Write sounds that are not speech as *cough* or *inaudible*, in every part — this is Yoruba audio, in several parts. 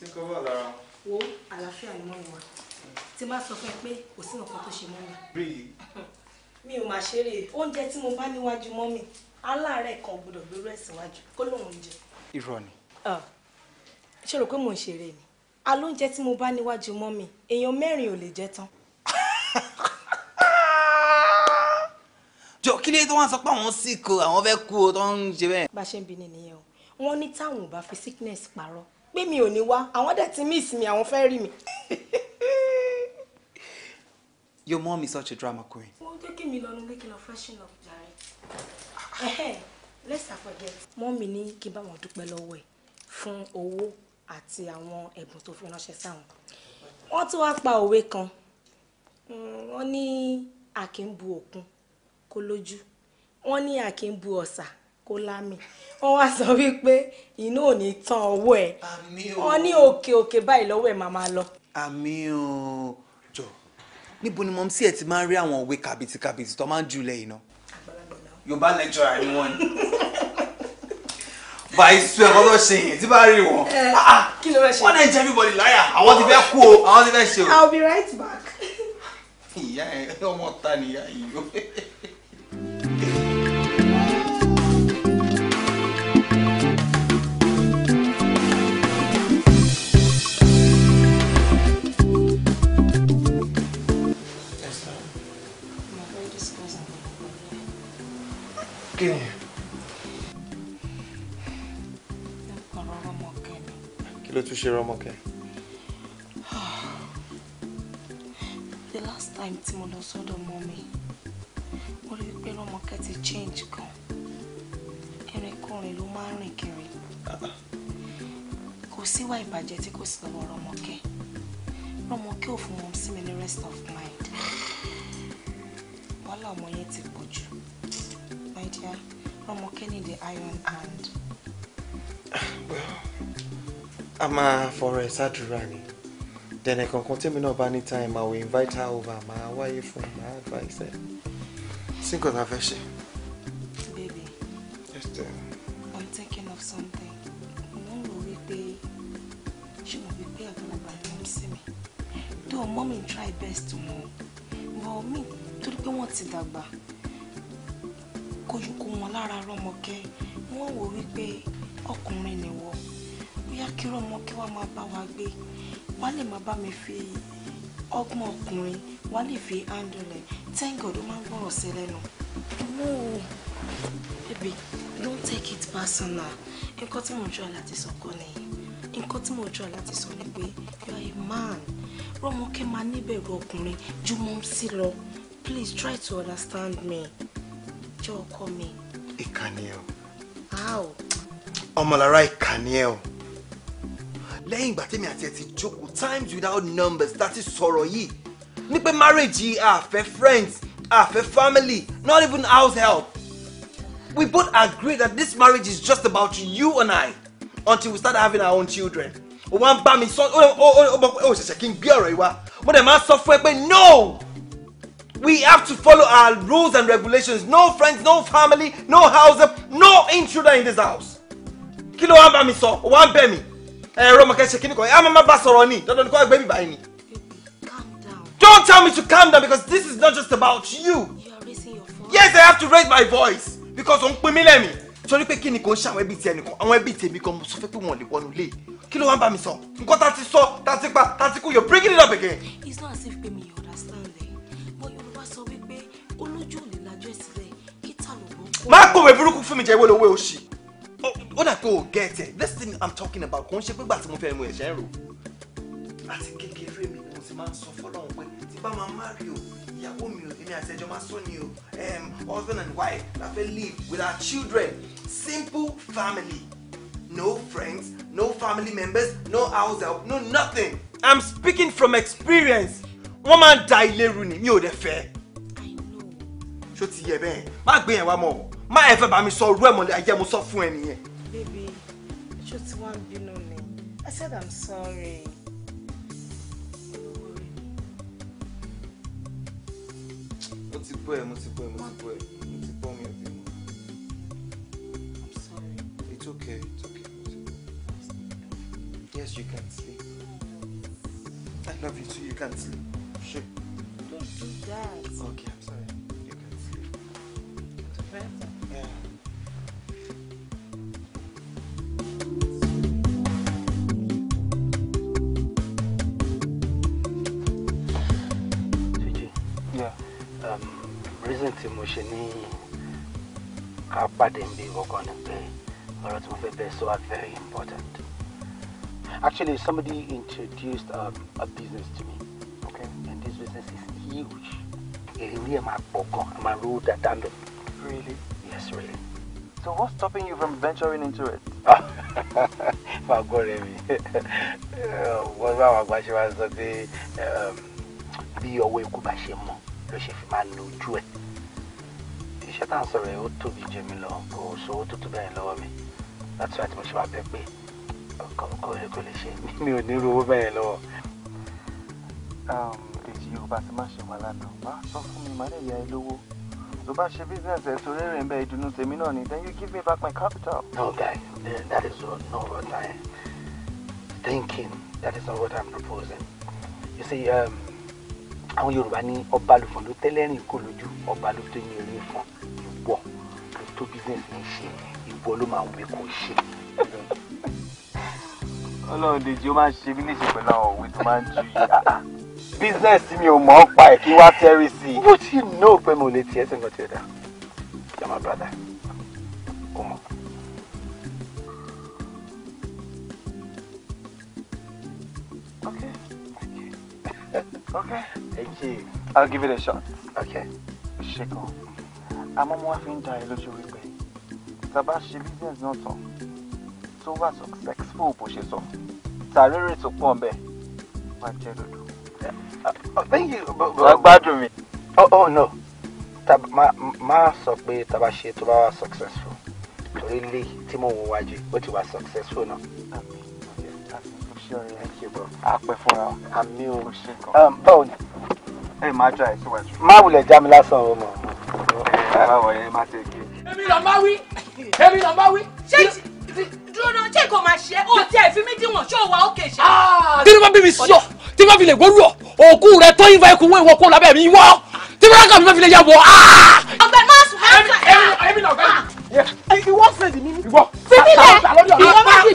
sí nǹkan bọ̀ lára wọn. wo àlàáfíà ni mọ́mi wa tí má sọ fún ẹ pé kò sí nǹkan tó ṣe mọ́mi. rí i. mi ò máa ṣeré oúnjẹ tí mo bá níwájú mọ́mi aláàárẹ̀ kan gbọ́dọ̀ gbérú ẹ̀ síwájú kó lóun jẹ. irọ́ ni. Ah. ṣé rò pé mò ń ṣeré ni alóúnjẹ tí mo bá níwájú mọ́mi èèyàn mẹ́rin ò lè jẹ tán. *laughs* jọ kí lè tó wá sọ pé àwọn sì kó àwọn fẹ́ kú o tó ń ṣe bẹ́ẹ̀. bá a ṣe ń bi ni nìyẹn o wọ́n ní táwọn ò bá fi sickness parọ́ pé mi ò ní wá àwọn dẹ̀ ti miss mi àwọn fẹ́ rí mi. Your mom is such a drama queen. Mo jẹ́ kí mi lọ́nu pé kí lọ freshen up jàre. Let's not forget. Mọ́mì ní kí n bá wọn dúpẹ́ lọ́wọ́ ẹ̀ fún owó àti àwọn ẹ̀bùn tó fi ránṣẹ́ sáwọn. Wọ́n tún wá pa òwe kan. Hmm, wọ́n ní a òkun kó lójú. Wọ́n ní a ọ̀sà Kọ́lámì wọ́n wá sọ wípé iná ò ní tán ọwọ́ ẹ̀ wọ́n ní òkè òkè báyìí lọ́wọ́ ẹ̀ máa máa lọ. àmì o jọ níbo ni mọ̀mísí ẹ̀ ti máa ń rí àwọn òwe kàbìtìkàbìtì tó máa ń jùlẹ̀ iná yorùbá lẹ́jọ́ra ni wọ́n ni báyìí sún ẹ̀kọ́ tó ṣe yẹn tí bá rí wọn ah, ah. wọ́n náà jẹ́ everybody láyà àwọn ti fẹ́ kú o àwọn ti fẹ́ ṣe o. I'll be right back. ìyá ẹ ọmọ ta nìyá yìí o. *laughs* kí ni. ọ̀rọ̀ the last time tí mo lọ sọ́dọ̀ mọ́ mi mo rí i change gan ẹ̀rìnkùnrin ló máa ń rìn kiri kò síwá ìbàjẹ́ tí kò sí lọ́wọ́ rọmọkẹ́ rọmọkẹ́ ò fún wọn sí mi ní rest of mind wàhálà ọmọ yẹn ti pọ̀ my dear. Ọmọkẹ́ need the iron hand. Well, a máa fọ̀rọ̀ ẹ̀ ṣàdúrà ni. Dẹ̀nẹ̀ kankan tèmi náà bá ní time, I will invite her over, My wife fún my advice Think of that tá a Baby. Yes, dear. I'm thinking of something. Mo ń rò wípé ṣé mo fi pé àgbàlagbà ló ń sí mi? Though mommy try best to move, but me torí pé wọ́n ti dàgbà kójúkó wọn lára rọmọkẹ́ wọ́n wò wípé ọkùnrin nìwọ bóyá kí rọmọkẹ́ wá máa bá wa gbé wá lè máa bá mi fi ọgbọ́n ọkùnrin wá lè fi handle ẹ̀ thank máa ń gbọ́rọ̀ sí lẹ́nu. mo baby don't take it personal nǹkan tí mo jọ láti sọ kọ́ nìyí nǹkan tí mo jọ láti sọ ni pé you are a man rọmọkẹ́ máa níbẹ̀rù ọkùnrin jùmọ̀ sí lọ please try to understand me jọ ọkọ mi. ìkà ni ẹ́ o. ọmọlára ìkà ni lẹ́yìn ìgbà tèmi àti ẹ̀ ti jókòó times without numbers láti sọ̀rọ̀ yìí ní pé marriage yìí àfẹ́ friends àfẹ́ family not even house help. We both agree that this marriage is just about you and I until we start having our own children. Ó wá ń bá mi sọ, ó ṣẹ̀ṣẹ̀ kí n gbé ọ̀rọ̀ yìí wá. Mo dẹ̀ máa sọ fún ẹ pé no! We have to follow our rules and regulations. No friends, no family, no house, no intruder in this house. Kilo amba wá ń bá mi sọ? Ó wá ń bẹ̀ mí. Ẹ̀rọ mọ̀kẹ́ ṣe kíní kan. Ẹ má má bá sọ̀rọ̀ ni. Dandan ni kò gbé mi báyìí ni. Don't tell me to calm down because this is not just about you. You are raising your voice. Yes, I have to raise my voice because òun pin mí lẹ́mìí. Sori pé kí ni kò ń ṣe àwọn ẹbí ti ẹnìkan, àwọn ẹbí tèmi mo sọ fẹ́ pé wọ́n lè wọnú ilé. Kí ló wá ń bá mi sọ? Nǹkan tá ti sọ, tá ti pa, tá ti kú, you're bringing it up again. It's not as if pé mi understand. má kọ̀wé burúkú fún mi jẹ́ ìwé lówó oṣì ó dà pé o get it this thing i'm talking about kò ń ṣe pégbà tí mo fẹ́ mu ẹ̀ṣẹ̀ ń rò àti kékeré mi ni mo ti máa ń sọ fọlọ́run pé tí bá máa má rí o ìyàwó mi ò èmi àti ẹjọ́ máa sọ ni o husband and wife la fẹ́ live with our children simple family no friends no family members no house help no nothing i'm speaking from experience wọ́n máa ń da ilé rú ni mi ò dẹ̀ fẹ́ ṣó ti yẹ bẹ́ẹ̀ má gbé yẹn wá mọ́ ọ má ẹ fẹ́ bá mi sọ orú ẹ̀ mọ́lẹ̀ ayé mo sọ fún ẹ nìyẹn. baby ṣó tí wàá ń bínú ni I said I'm sorry. mo ti gbọ́ ẹ mo ti gbọ́ ẹ mo ti gbọ́ ẹ mo ti gbọ́ mi ò mo. I'm sorry. It's okay it's okay. Yes, you can sleep. I love you too. You can sleep. Sure. Don't do that. Okay. mo ṣe ní ká pàdé ń bí kankan ni pé ọ̀rọ̀ tí mo fẹ́ bẹ́ẹ̀ sọ are very important. Actually, somebody introduced um, a business to me. Okay. And this business is huge. Èrèlé ẹ̀ máa pọ̀ gan, ẹ̀ máa rówó dáadáa lọ. Really? Yes, really. So what's stopping you from venturing into it? *laughs* Máa gbọ́ rẹ̀ mi. *laughs* Wọ́n bá àwọn àgbà ṣe máa sọ pé um, bí ọwọ́ ikú bá ṣe mọ́ ló ṣe fi máa lo ojú ẹ̀ tá à ń sọ̀rọ̀ yìí ó tóbi jẹ mi lọ kò sówó tó tó bẹ́ẹ̀ lọ́wọ́ mi láti wá tí mo ṣe wá bẹ́ẹ̀ pé kò kò lè ṣe *laughs* mi ò ní irú owó bẹ́ẹ̀ lọ́wọ́. dèjì um, ò ti má ṣe wà lánàá má sọ fún mi má lè yá ẹ lówó tó bá ṣe business ẹ torí rẹ̀ ń bẹ ìdùnnú tèmi náà ni then you give me back my capital. no guy that is not what I'm thinking that is not what I'm proposing you see. Um, àwọn yorùbá ní ọbalùfọ̀n ló tẹ́lẹ́rìn kò lójú ọbalù tó yin eré fún tó business mi ṣe ìwọ ló máa wí kó ṣe. ọlọ́run dèjì ó máa ń ṣe mí léṣe pẹ̀lú àwọn òwe tó máa ń ju yìí. business mi ò mọ̀ ọ́ pa ẹ̀ kí wá tẹ́rí sí i. bó ti ná òpin mo lè tiẹ̀ sí nǹkan tí ẹ dá yàrá brada ó mọ̀. Okay. *laughs* Okay. Thank you. I'll give it a shot. Okay. Shake off àmọ́ wọ́n fi ń da ẹ lójú wípé tàbá ṣe business náà tán tó wà successful bó ṣe sọ tàrẹ́rẹ́ tó pọ̀ bẹ́ẹ̀ wá jẹ́ dodo. wàá gbádùn mi. oh, oh no máa sọ pé tàbá ṣe tó bá wà successful torí lè tí mò ń wájú ó ti wà successful náà. àmì àmì ó fúnra àmì ó ṣe kan. Um, báwo ni ẹ máa try síwájú. má wulẹ̀ já mi lásán ọmọ. ẹ má wọ̀ ẹ má tẹ̀ kí. èmi lọ má wí èmi lọ má wí. ṣé dúró náà ṣé kò máa ṣe é ó tiẹ̀ fi mí díwọ̀n ṣé ò wá òkè ṣe. tí wọ́n bí mi sí ọ tí wọ́n fi lè gbóru ọ òkú rẹ tó yín fa ikùn wọ́n ìwọ kó lábẹ́ mi wọ́ tí wọ́n kà mí má fi lè yà wọ́. ọbẹ̀ má sùn hàn. èmi lọ bẹ́ẹ̀. ìwọ fèsì mi. ìwọ fèsì mi. ìwọ má sì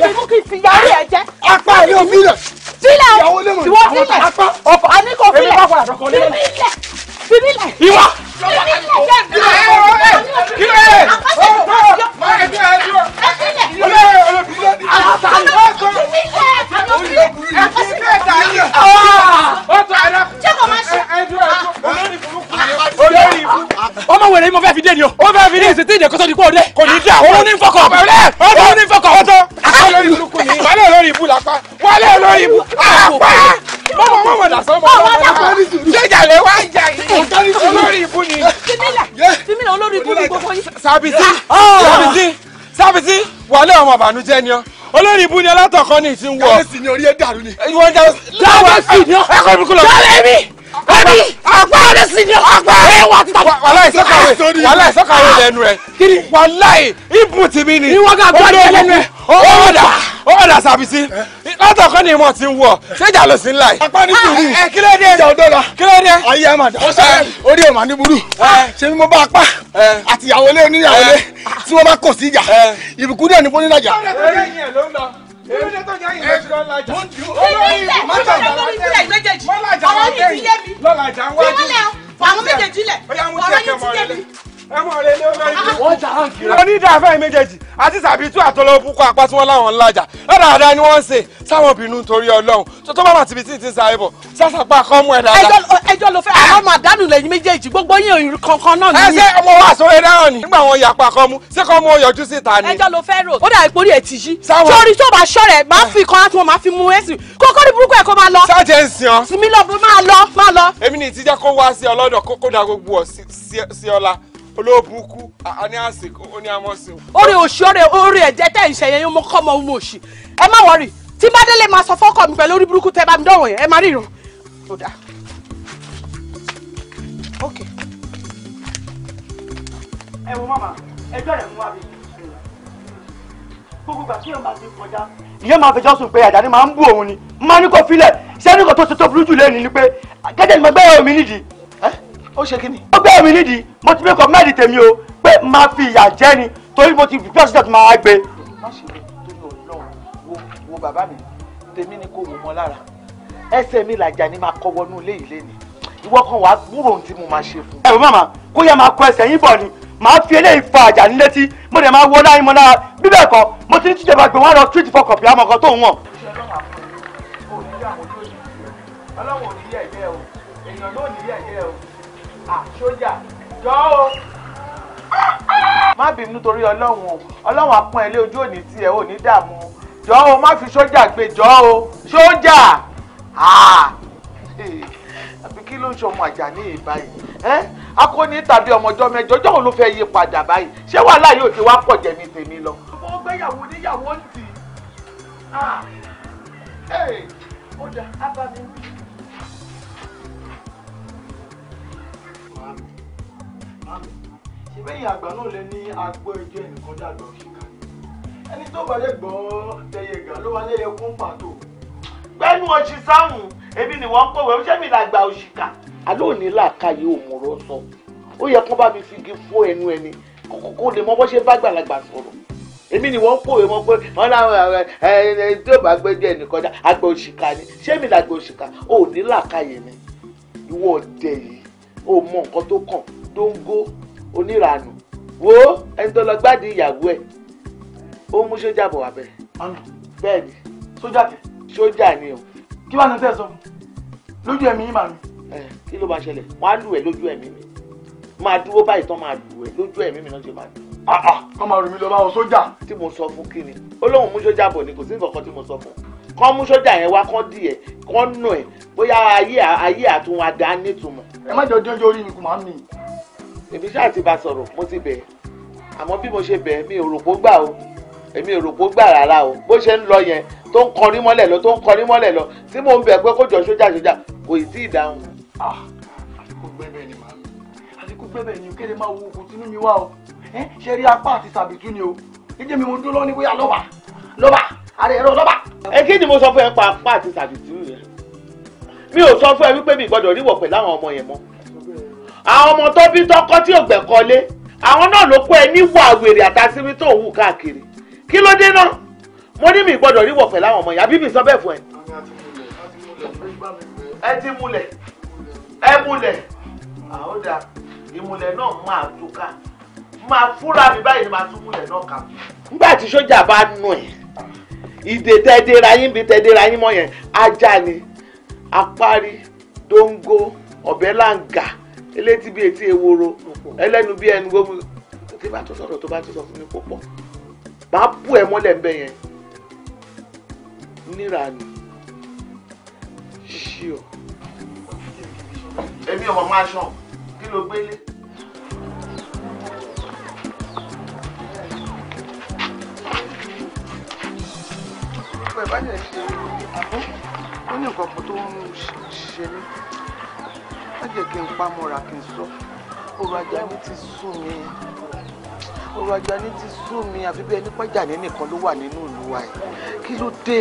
bí mú kí n fi yàrá ẹ jẹ. apá yóò fi lè filẹ ìwọ filẹ ọkọ a ní kò filẹ filẹ filẹ ìwọ. ọmọ wẹrẹ yìí mo fẹ́ fi dé ni o. ó fẹ́ fi dé ìsètí ìdẹ́kọ́sọ́ di kó o dé. kò ní dà ó ní fọkàn. ó ní fọkàn. ó tán. wálé olórí ibú làpá wálé olórí ibú apá mọ́mọ́ mọ́ wọ̀dà sọ́mọ́ ọlọ́run ṣèjàlẹ̀ wá jà yìí olórí ibú ni. fimila olórí ibú ni gbogbo yìí. sàbìtì sàbìtì sàbìtì wàlẹ́ ọmọ àbànújẹ́ ni ọ olórí ibú ni alátọ̀kọ́ ni ìsìn wọ. kábíyèsí ni orí ẹ dàrú ni. ìwọ jẹ kábíyèsí ni ọ. ẹ kọ́ mi kúlọ̀. jọlẹ mi ẹbí ọgbà kábíyèsí ni ọgbà ẹ wà títà. wàláì sọ́kàwé wàláì sọ́kàwé lẹ́nu rẹ̀. kiri wàláì ibù tìmí ni. ìwọ gàgbọ́ ni ẹlẹ́nu rẹ̀. ó wọ̀dà ó wọ̀dà sàbìtì látọ̀kọ́ ni ìmọ̀ ti wọ̀ ṣéjà ló sì ń láì. apá ní sùúrù ẹ kí ló dé ìjà òdòdó kí ayé ẹ mà dá orí ẹ ní burú ṣé mo bá apá àti ìyàwó lé oníyàwó lé tí wọ́n bá kò sí ìjà ìbùkún dẹ̀ ní bó ní nàjà. ọ̀rọ̀ yìí ti yé mi ọ̀rọ̀ yìí ti yé mi ẹ mọ̀ rẹ lé ọgbẹ́ ibi. wọ́n jà hàn kiri. méjèèjì àti sàbítú àtọlọ́bù kó apá tí láwọn ńlájà lọ́dàdà ni wọ́n ń ṣe sáwọn obìnrin torí ọlọ́run tó tó bá wà tìbí tí ì ti ń sáré bọ̀ sásàpá kọ́ mú ẹ̀ dáadáa. ẹjọ́ ló fẹ́ àmọ́ àdánù lẹ́yìn méjèèjì gbogbo yín kankan náà nìyí. ẹ ṣe ọmọ wa sọ̀rọ̀ náà nì. nígbà wọn yàpá kọ́ mú ṣé kọ́ mú ọyọ̀jú síta ni. ẹjọ́ ló fẹ́ rò ó dà olóòbùkú àní àsìkò òní àmọ́sìn. orí òṣì ọrẹ orí ẹ̀jẹ̀ tẹ̀ ń ṣe yẹn mo kọ́ ọmọ ọmọ òṣì ẹ má wọrí tí bá délé máa sọ fọ́kọ mi pẹ̀lú orí burúkú tẹ bá mi dọ̀wọ̀ yẹn ẹ má ríran. ó dáa ok. ẹ wo mama ẹjọ́ rẹ̀ mú wa bí gbogbo gbà tí yóò máa ti kọjá ìyẹn máa fẹjọ́ sùn pé Àjàní máa ń bú òun ni máa ní kó filẹ̀ ṣé ẹnì kan tó ṣe tó burú jù lẹ́nu ni pé gẹ́gẹ́ ni mo gbẹ́ omi nídìí ó ṣe kí ni. ó gbé mi nídìí mo ti make up mind tèmi o pé máa fi ìyà jẹ́ ni torí mo ti prepare sílẹ̀ tó máa gbé. má ṣe lè torí ọlọ́run wo wo bàbá mi tèmi ni kò wò mọ́ lára ẹsẹ̀ mi làjà ni máa kọ́ wọnú ilé yìí lénìí ìwọ kan wàá gbúrò ohun tí mo máa ṣe fún. ẹ̀rù màmá kó yẹ máa kọ ẹsẹ̀ yín bọ̀ ni màá fi eléyìí fa àjà ní létí mo dẹ̀ máa wọ láyé mọ́ lára bí bẹ́ẹ̀ kọ́ mo ti ní tíjọba gbé wọn lọ street for copy àmọ́ kan tó ń wọ̀n. ọlọ́run ò ní yẹ̀ yẹ́ o èèyàn ló ní yẹ̀ yẹ́ o àṣọjà ah, jọ o. má bínú nítorí ọlọ́run o ọlọ́run apọ́n ẹ lé ojú òní tí ẹ ò ní dààmú jọ o má fi sọ́jà gbé jọ o sọ́jà ah! àbí kí ló ń ṣọmọ àjà ní ìbá yìí akóni tàbí ọmọjọ mẹ́jọ jọ̀wọ́ ló fẹ́ yí padà báyìí ṣé wàhálà yóò ti wá pọ̀ jẹ̀mí tèmi lọ. mo gbéyàwó níyàwó ń tì í ah! ó dà á bá bẹ́yìn àgbà náà lẹ ní agbọ́ ẹjọ́ ẹnìkan dàgbọ́ kíkà ẹni tó bàdé gbọ́ tẹyẹ gà ló wà lẹ́yẹ kún pàtó. gbẹ́nu ọ̀sìn sáhùn èmi ni wọ́n ń pòwé ṣé mi làgbà òṣìkà. àlọ́ òní làákàyè òmùrọ̀ sọ ó yẹ kó bá mi figi fó ẹnu ẹni kó lè mọ bó ṣe bá gbàlagbà sọ̀rọ̀ èmi ni wọ́n ń pòwé pé wọ́n láwọn ẹ tí ò bá gbẹ́jọ́ ẹnìkan dá àgbà òṣìkà ni ṣé làgbà òṣìkà òní làákàyè mi ìwọ ọ̀dẹ̀ yìí ó mọ nǹkan tó kàn dóńgó oníranù wo ẹni tó lọ gbádìí ìyàwó ẹ̀ ó mú sójà bọ̀ wá bẹ́ẹ̀. bẹ́ẹ̀ ni sójà tẹ. sójà ni o. kí wàá ní tẹ̀sán lójú ẹ̀mí yín màmí. ẹ kí ló máa ṣẹlẹ̀ wọ́n á lù ẹ́ lójú ẹ̀mí mi máa dúró báyìí tán máa lù ẹ́ lójú ẹ̀mí mi náà ṣe máa lù kọ́ ah, ah, máa rìn mí lọ bá wọn sójà. tí mo sọ fún kí ni olóhùn mú sójà bọ̀ ni kò sí nǹkan kan tí mo sọ fún kọ́ mú sójà yẹn wá kọ́ dì ẹ̀ kọ́ nù ẹ̀ bóyá ayé ayé àtún àdá nítumọ̀. ẹ má jọ jọjọ orí mi kò máa ń mi èmi ṣáà ti bá sọ̀rọ̀ mo ti bẹ̀ àmọ́ bí mo ṣe bẹ̀ mi ò rò pó gbà o èmi ò rò pó gbà rárá o bó ṣe ń lọ yẹn tó ń kọrin mọ́lẹ̀ lọ tó ń kọrin mọ́lẹ̀ lọ tí mò ń bẹ̀ pé kó jọ sójà sójà kò ì tí ì dáhùn. Ah, àtikú gbẹ́bẹ̀ ni màá mi àtikú gbẹ́bẹ̀ ni kéde máa wo okùn tínú mi wá o ṣe rí apá àti sàbìtú ni o níjẹ́ mi mo dúró ní bóyá lọ́ba lọ́ba àrẹ ẹ̀rọ lọ́ba. ẹ kí ni mo sọ fún ẹ pa apá àti sàbìtú yẹn mi ò sọ fún ẹ wípé mi gbọ́dọ̀ ríwọ pẹ̀lú àwọn ọmọ yẹn mọ́ àwọn ọmọ tó bí tọkọ tí ògbẹ kọlé àwọn náà ló kó ẹ níwà wèrè àtàsíwí tó ń hù káàkiri kí ló dé náà mo ní mi gbọ́dọ̀ ríwọ pẹ̀lú àwọn ọmọ yìí àbí mi sọ bẹ́ẹ̀ fún ẹ. ẹ ti múlẹ̀ ẹ múlẹ̀ àwọn dà ìmúlẹ̀ náà máa tú ká máa fúnra mi báyìí ni máa tún múlẹ̀ náà ká. nígbà tí sójà bá nù ẹ ìdè tẹdẹra yín bí tẹdẹra yín mọ yẹn ajá ni apárí dóńgó ọbẹ̀ láǹgà elétí bíi etí eworo ẹlẹ́nu bíi ẹnu gbogbo tí bá tó sọ̀rọ̀ tó bá tó sọ fún mi púpọ̀ máa bú ẹ mọ́lẹ̀ ń bẹ yẹn níra ni ṣí o. èmi ọmọ máa ṣàn kí ló gbélé. pé bá jẹ́ ṣe àbọ̀ ó ní nǹkan kan tó ń ṣe ní má jẹ́ kí n pa mọ́ra kí n sọ ọ̀rọ̀ ajá ní ti sú mi ọ̀rọ̀ ajá ní ti sú mi àfi bí ẹni pàjá ní nìkan ló wà nínú ìlú wa yìí kí ló dé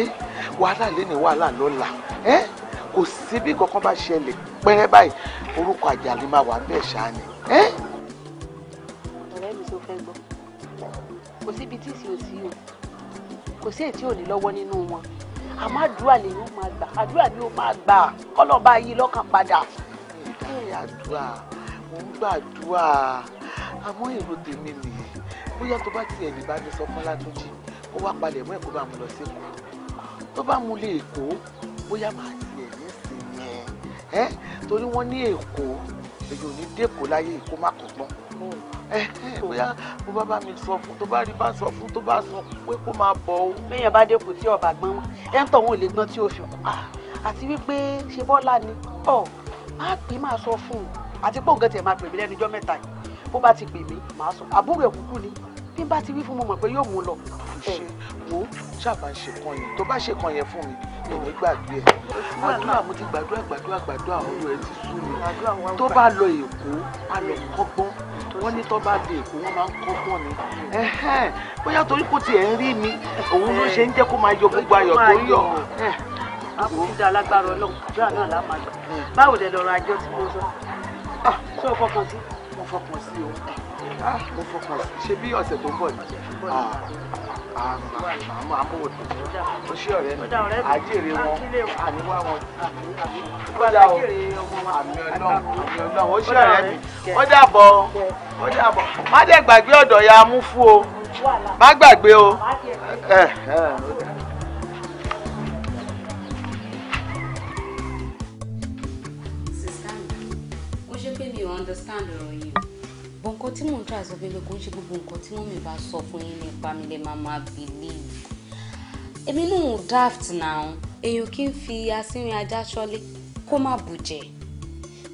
wàhálà lé ní wàhálà lọ́la ẹ́ kò sí bí kankan bá ṣẹlẹ̀ pẹ́rẹ́ báyìí orúkọ àjàlè máa wà bẹ́ẹ̀ ṣáá ni. ọ̀rẹ́ mi tó fẹ́ gbọ́ kò síbi tí sì ò sí o kò sí èyí ò ní lọ́wọ́ nínú wọn àmọ́ àdúrà lèyìn ó máa gbà àdúrà ni ó máa gbà kọ́lọ́ bá yí lọ́kàn padà bẹ̀rẹ̀ àdúrà mò ń gbàdúrà àmọ́ èrò tèmi nìyí bóyá tó bá tiẹ̀ lè bá mi sọ fún Látúnjí kó wá palẹ̀ mọ́ ẹ̀ kó bá mu lọ sí Èkó tó bá mu lé Èkó bóyá màá tiẹ̀ ní ìsinmi ẹ̀ torí wọ́n ní Èkó èyí ò ní dẹ́kọ̀ láyé Èkó má kọ̀gbọ́n bóyá bó bá bá mi sọ fún tó bá rí bá sọ fún tó bá sọ pé kó máa bọ̀ o. bẹ́ẹ̀ bá dẹ́kun tí ọba gbọ́n ẹ̀ ń tọ̀hún ò lè gbọ́n tí ó fi kú ah. àti wípé ṣe bọ́lá ni ọ̀ á pè máa sọ fún un àti pé òǹkà tiẹ̀ máa pè mí lẹ́nu ọjọ́ mẹ́ta yìí bó bá ti pè mí màá sọ àbúrò ẹ̀ kúkú ni bí n bá ti wí fún mo mọ̀ pé yóò mú un lọ. ṣe wo ṣàbà ṣe kan yẹn tó bá ṣe kan yẹn fún mi mi gbàgbé ẹ àdúrà mo ti gbàdúrà gbàdúrà gbàdúrà ọdún ẹ ti sú mi tó bá lọ èkó a lọ kọ́gbọ́n wọ́n ní tó bá lọ èkó wọ́n máa ń kọ́gbọ́n ni bóyá torí kò tiẹ̀ ń rí mi òun ló ṣe ń jẹ́ kó máa yọ gbogbo ayọ̀ tó yọ àbúdá alágbára ọlọ́run àdúrà náà là máa gbà báwo lẹ lọ́rọ̀ àjọ tí mo sọ ṣé o fọkàn sí. mo fọkàn sí o mo fọkàn sí ṣé bí ọ̀sẹ̀ tó ń bọ̀ ni àmọ́ àmúwò tó o ṣé ọ̀rẹ́ mi àjèrè wọn àníwá wọn gbọ́dá o àmì ọlọ́run àmì ọlọ́run o ṣé ọ̀rẹ́ mi ó dàbọ̀ ó dàbọ̀ má dẹ̀ gbàgbé ọ̀dọ̀ ya mú fún o má gbàgbé o. understand ọ̀rọ̀ yìí bọ̀ nǹkan tí mò ń try sọ fún mi kò ń ṣe gbogbo nǹkan tí mọ́mì bá sọ fún yín nípa mi lè máa máa believe èmi náà ò daft náà èèyàn kì í fi asínrin ajá ṣọ́lé kó má bùjẹ́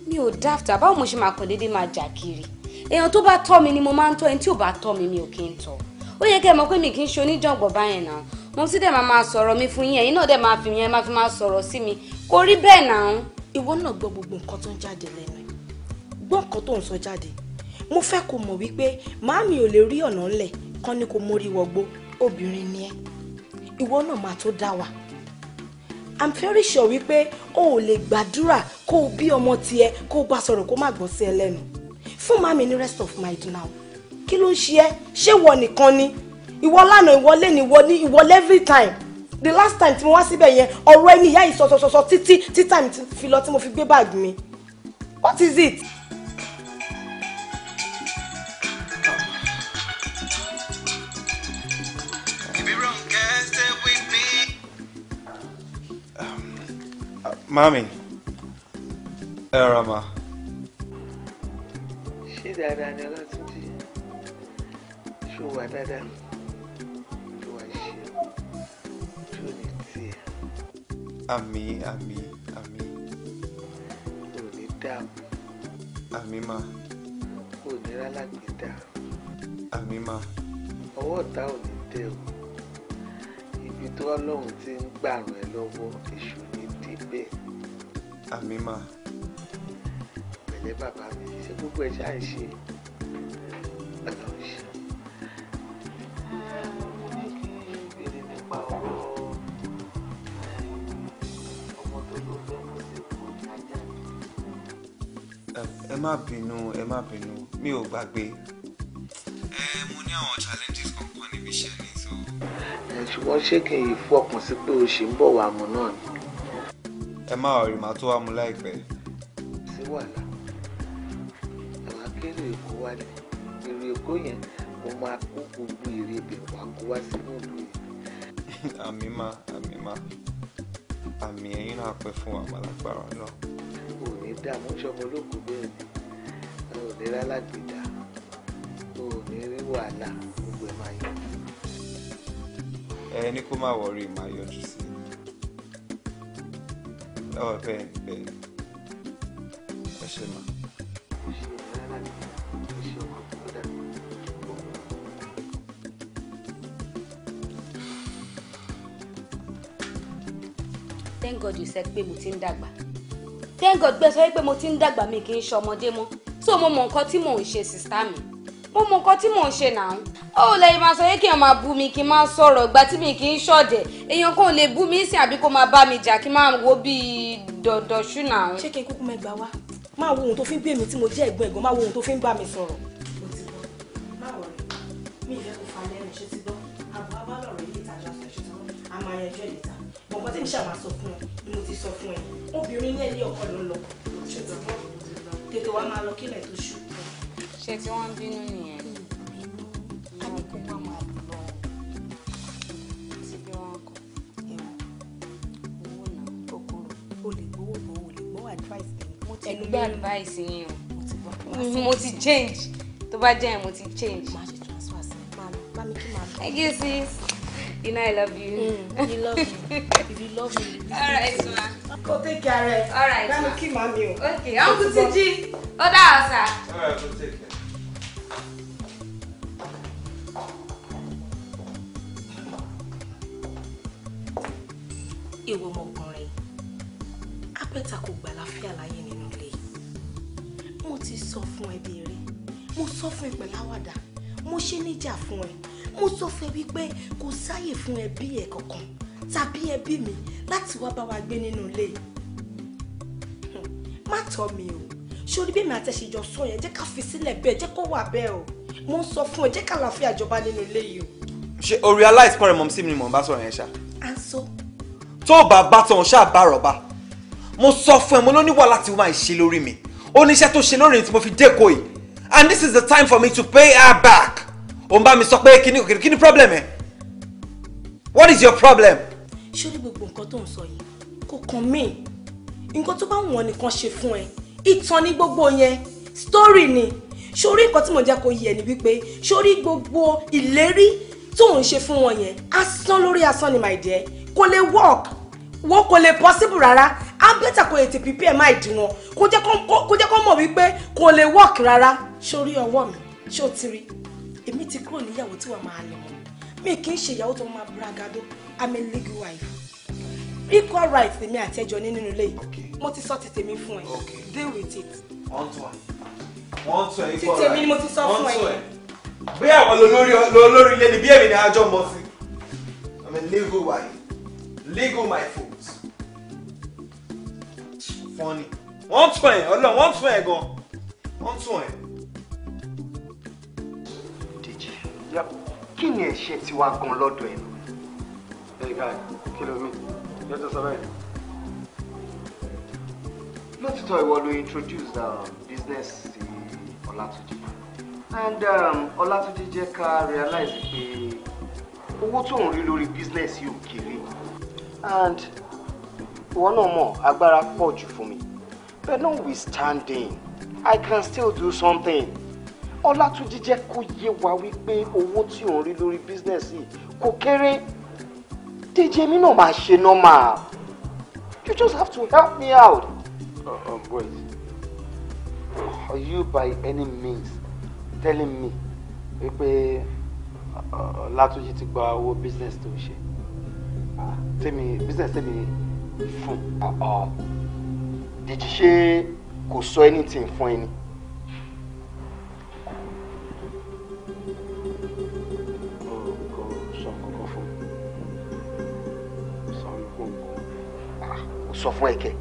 mi ò daft àbáwọn mo ṣe máa kàn déédéé máa jà kiri èèyàn tó bá tọ́ mi ni mo máa ń tọ́ ẹni tí ò bá tọ́ mi mi ò kí ń tọ́ ó yẹ kẹ́ ẹ mọ̀ pé mi kì í ṣe oníjàngbọ̀n báyẹn náà mo sì dẹ̀ máa máa sọ̀rọ̀ mi fún yín ẹ̀yin náà dẹ̀ máa fi yẹn máa fi máa sọ̀rọ̀ sí mi kò rí bẹ́ẹ̀ náà. ìwọ náà gbọ́ gbogbo nǹkan tó ń jáde lẹ́nu gbọ́ nǹkan tó ń sọ jáde mo fẹ́ kó mọ̀ wípé màámi ò lè rí ọ̀nà ńlẹ̀ kán ní kó mórí wọgbó obìnrin ni ẹ́ ìwọ náà máa tó dá wa i'm very sure wípé o ò lè gbàdúrà kó o bí ọmọ tiẹ̀ kó o bá sọ̀rọ̀ kó má gbọ́ sí ẹ lẹ́nu fún màámi ní rest of mind now kí ló ń ṣe ẹ́ ṣé wọ nìkan ni ìwọ lánàá ìwọ lẹ́ni ìwọ ní ìwọ every time the last time tí mo wá síbẹ̀ yẹn ọ̀rọ̀ ẹni ìyá yìí sọ̀sọ̀sọ̀ títí títà mi fi lọ tí mo fi gbé báàgì mi what is it. mami ẹ rà mà. ṣé dáadáa ni ọlọ́túndì ṣó wà dáadáa ṣó wà ṣe ṣó ní tiẹ̀. àmì àmì àmì. ò ní dààmú. àmì ma. ò ní rálágbèdá. àmì ma. ọwọ́ ọ̀tá ò ní tẹ̀ o ibi tó ọlọ́run ti ń gbàrún ẹ lọ́wọ́ èṣù bẹ́ẹ̀. àmì ma. pẹ̀lẹ́ bàbá mi ṣé gbogbo ẹ̀ ṣáà ń ṣe ọlọ́run ṣe. mo ní kí n béèrè nípa ọ̀rọ̀ ọmọ tó lọ fẹ́ mọ̀ sí kò ní ajá. ẹ má bínú ẹ má bínú mi ò gbàgbé. ẹ mo ní àwọn challenges kankan níbi iṣẹ́ ni ṣùgbọ́n ṣé kí n yìí fọkàn sí pé o ṣì ń bọ̀ wá mu náà ni ẹ má rí màá tó wá mu láìpẹ́. ṣé wàhálà àwọn akérò èkó wá ní èrè èkó yẹn mo máa kó gbogbo èrè ibẹ̀ wá kó wá sínú ìlú yìí. *laughs* àmì má àmì má àmì ẹ̀yin náà pẹ́ fún wa màlágbára náà. ò ní dààmú sọmọ olókùn bẹ́ẹ̀ ni ò ní rálágbèdá ò ní rí wàhálà gbogbo ẹ̀ a yọ. ẹ ní kó má wọrí máa yọjú sí i ọ bẹ́ẹ̀ bẹ́ẹ̀ ẹ ṣe thank god you said pé mo ti ń dàgbà thank god pé sọ pé mo ti ń dàgbà mi kì í ṣe ọmọdé mọ́ so mo mọ nǹkan tí mò ń ṣe sista mi mo mọ nǹkan tí mò ń ṣe náà ó lẹ́yìn máa sọ yé kí n máa bú mi kí n máa sọ̀rọ̀ ìgbà tí mi kì í ṣọ̀dẹ̀ èèyàn kan ò lè bú mi sí àbí kó máa bá mi jà kí n máa wo bíi dọ̀dọ̀ ṣúnà. ṣé kí n kúkú mẹ́gbàá wá máa wo ohun tó fi ń gbé mi tí mo jẹ́ ẹ̀gbọ́n ẹ̀gbọ́n máa wo ohun tó fi ń bá mi sọ̀rọ̀. mo ti gbọ́ máa wọ̀ rẹ̀ ṣe ti gbọ́ a máa yanjú bínú nìyẹn báyìí sí yín o mo ti change tó bá jẹ́ yẹn mo ti change. má ṣe transfer sí máa lọ bá mi kí máa lọ. thank you sis you know i love you. Mm, you love me if you love me. all right ma. go take care rẹ. all right ma bá mi kí máa mi o. okay uncle ti jí ó dá ọ̀sà. all right go take care. ìwọ ọmọkùnrin abẹ́ta kò gbà fún ẹ bí eré mo sọ fún ẹ pẹ̀láwàdà mo ṣe níjà fún ẹ mo sọ fún ẹ wípé kò sáàyè fún ẹbí ẹ kankan tàbí ẹbí mi láti wá bá wa gbé nínú ilé má tọ́ mi o sórí bí mi àti ẹ̀ṣẹ̀ jọ sọ yẹn jẹ́ ká fi sílẹ̀ bẹ́ẹ̀ jẹ́ kó wà bẹ́ẹ̀ o mo ń sọ fún ẹ jẹ́ ká láfíà jọba nínú ilé yìí o. ṣe o realize pọ́nrẹ́ mọ̀ sí mi ni mò ń bá sọ̀rọ̀ yẹn ṣá. à ń sọ. tó o bá bá tán ṣáà bá rọ̀ bá mo sọ fún ẹ mo ló ní máa ṣe lórí mi ó níṣẹ́ tó ṣe lónìí tí mo fi dẹ́ko yìí and this is the time for me to pay her back òun bá mi sọ pé kíni òkèrè kíni problem ẹ what is your problem. ṣé o ní gbogbo nǹkan tó ń sọ yìí kò kàn mí nǹkan tó bá wù wọ́n nìkan ṣe fún ẹ ìtàn ní gbogbo yẹn story ni sórí nǹkan tí mo jẹ́ kó yẹ ni wípé sórí gbogbo ìlérí tó ń ṣe fún wọn yẹn asán lórí asán ni my dear kò lè work Work kò lè possible rárá á bẹ́tà kò lè ti prepare mind wọn kó jẹ́ kó mọ̀ wípé kò lè work rárá sórí ọwọ́ mi ṣó ti rí èmi ti kúrò níyàwó tí wàá máa lọ mọ́ mi kì í ṣe ìyàwó tó máa bragado i'm a legal wife equal rights tèmi àti ẹjọ́ ní nínú ilé mo ti sọ ti tèmi fún ẹ deal with it. wọ́n tún ẹ̀ wọ́n tún ẹ̀ equal rights títèmi ni mo ti sọ fún ẹ. bí àwọn olórí ilé ni bí èmi ni àjọ mọ̀ sí i'm a legal wife legal my food fún ni wọ́n tún ẹ̀ ọlọ́run wọ́n tún ẹ̀ gan wọ́n tún ẹ̀. dèjì kí ni ẹ̀ṣẹ̀ tiwa gan lọ́dọ̀ ẹ̀. ẹ ká kí ló mi yẹ tó sọ bẹ́ẹ̀. lótìtọ́ ìwọ ló introduce the um, business sí Ọlátúnjí and um, Ọlátúnjí jẹ́ ká realize pé owó to ń rí lórí business yóò kéré and One or more, agbára pọ̀ jù fún mi but notwithstanding i can still do something ọlátúnjí jẹ́ kó yé wa wípé owó tí ò ń rí lórí business yìí kò kéré dèjì èmi náà máa ṣe normal you just have to help me out. Uh, um, uh, wait are you by any means telling me wípé uh, uh, ọlátúnjí ti gba owó business tó ṣe ah, tèmi business tèmi. Uh, uh, dìjì ṣe kò sọ anything fún ẹni. kò ah, sọ fún ẹkẹ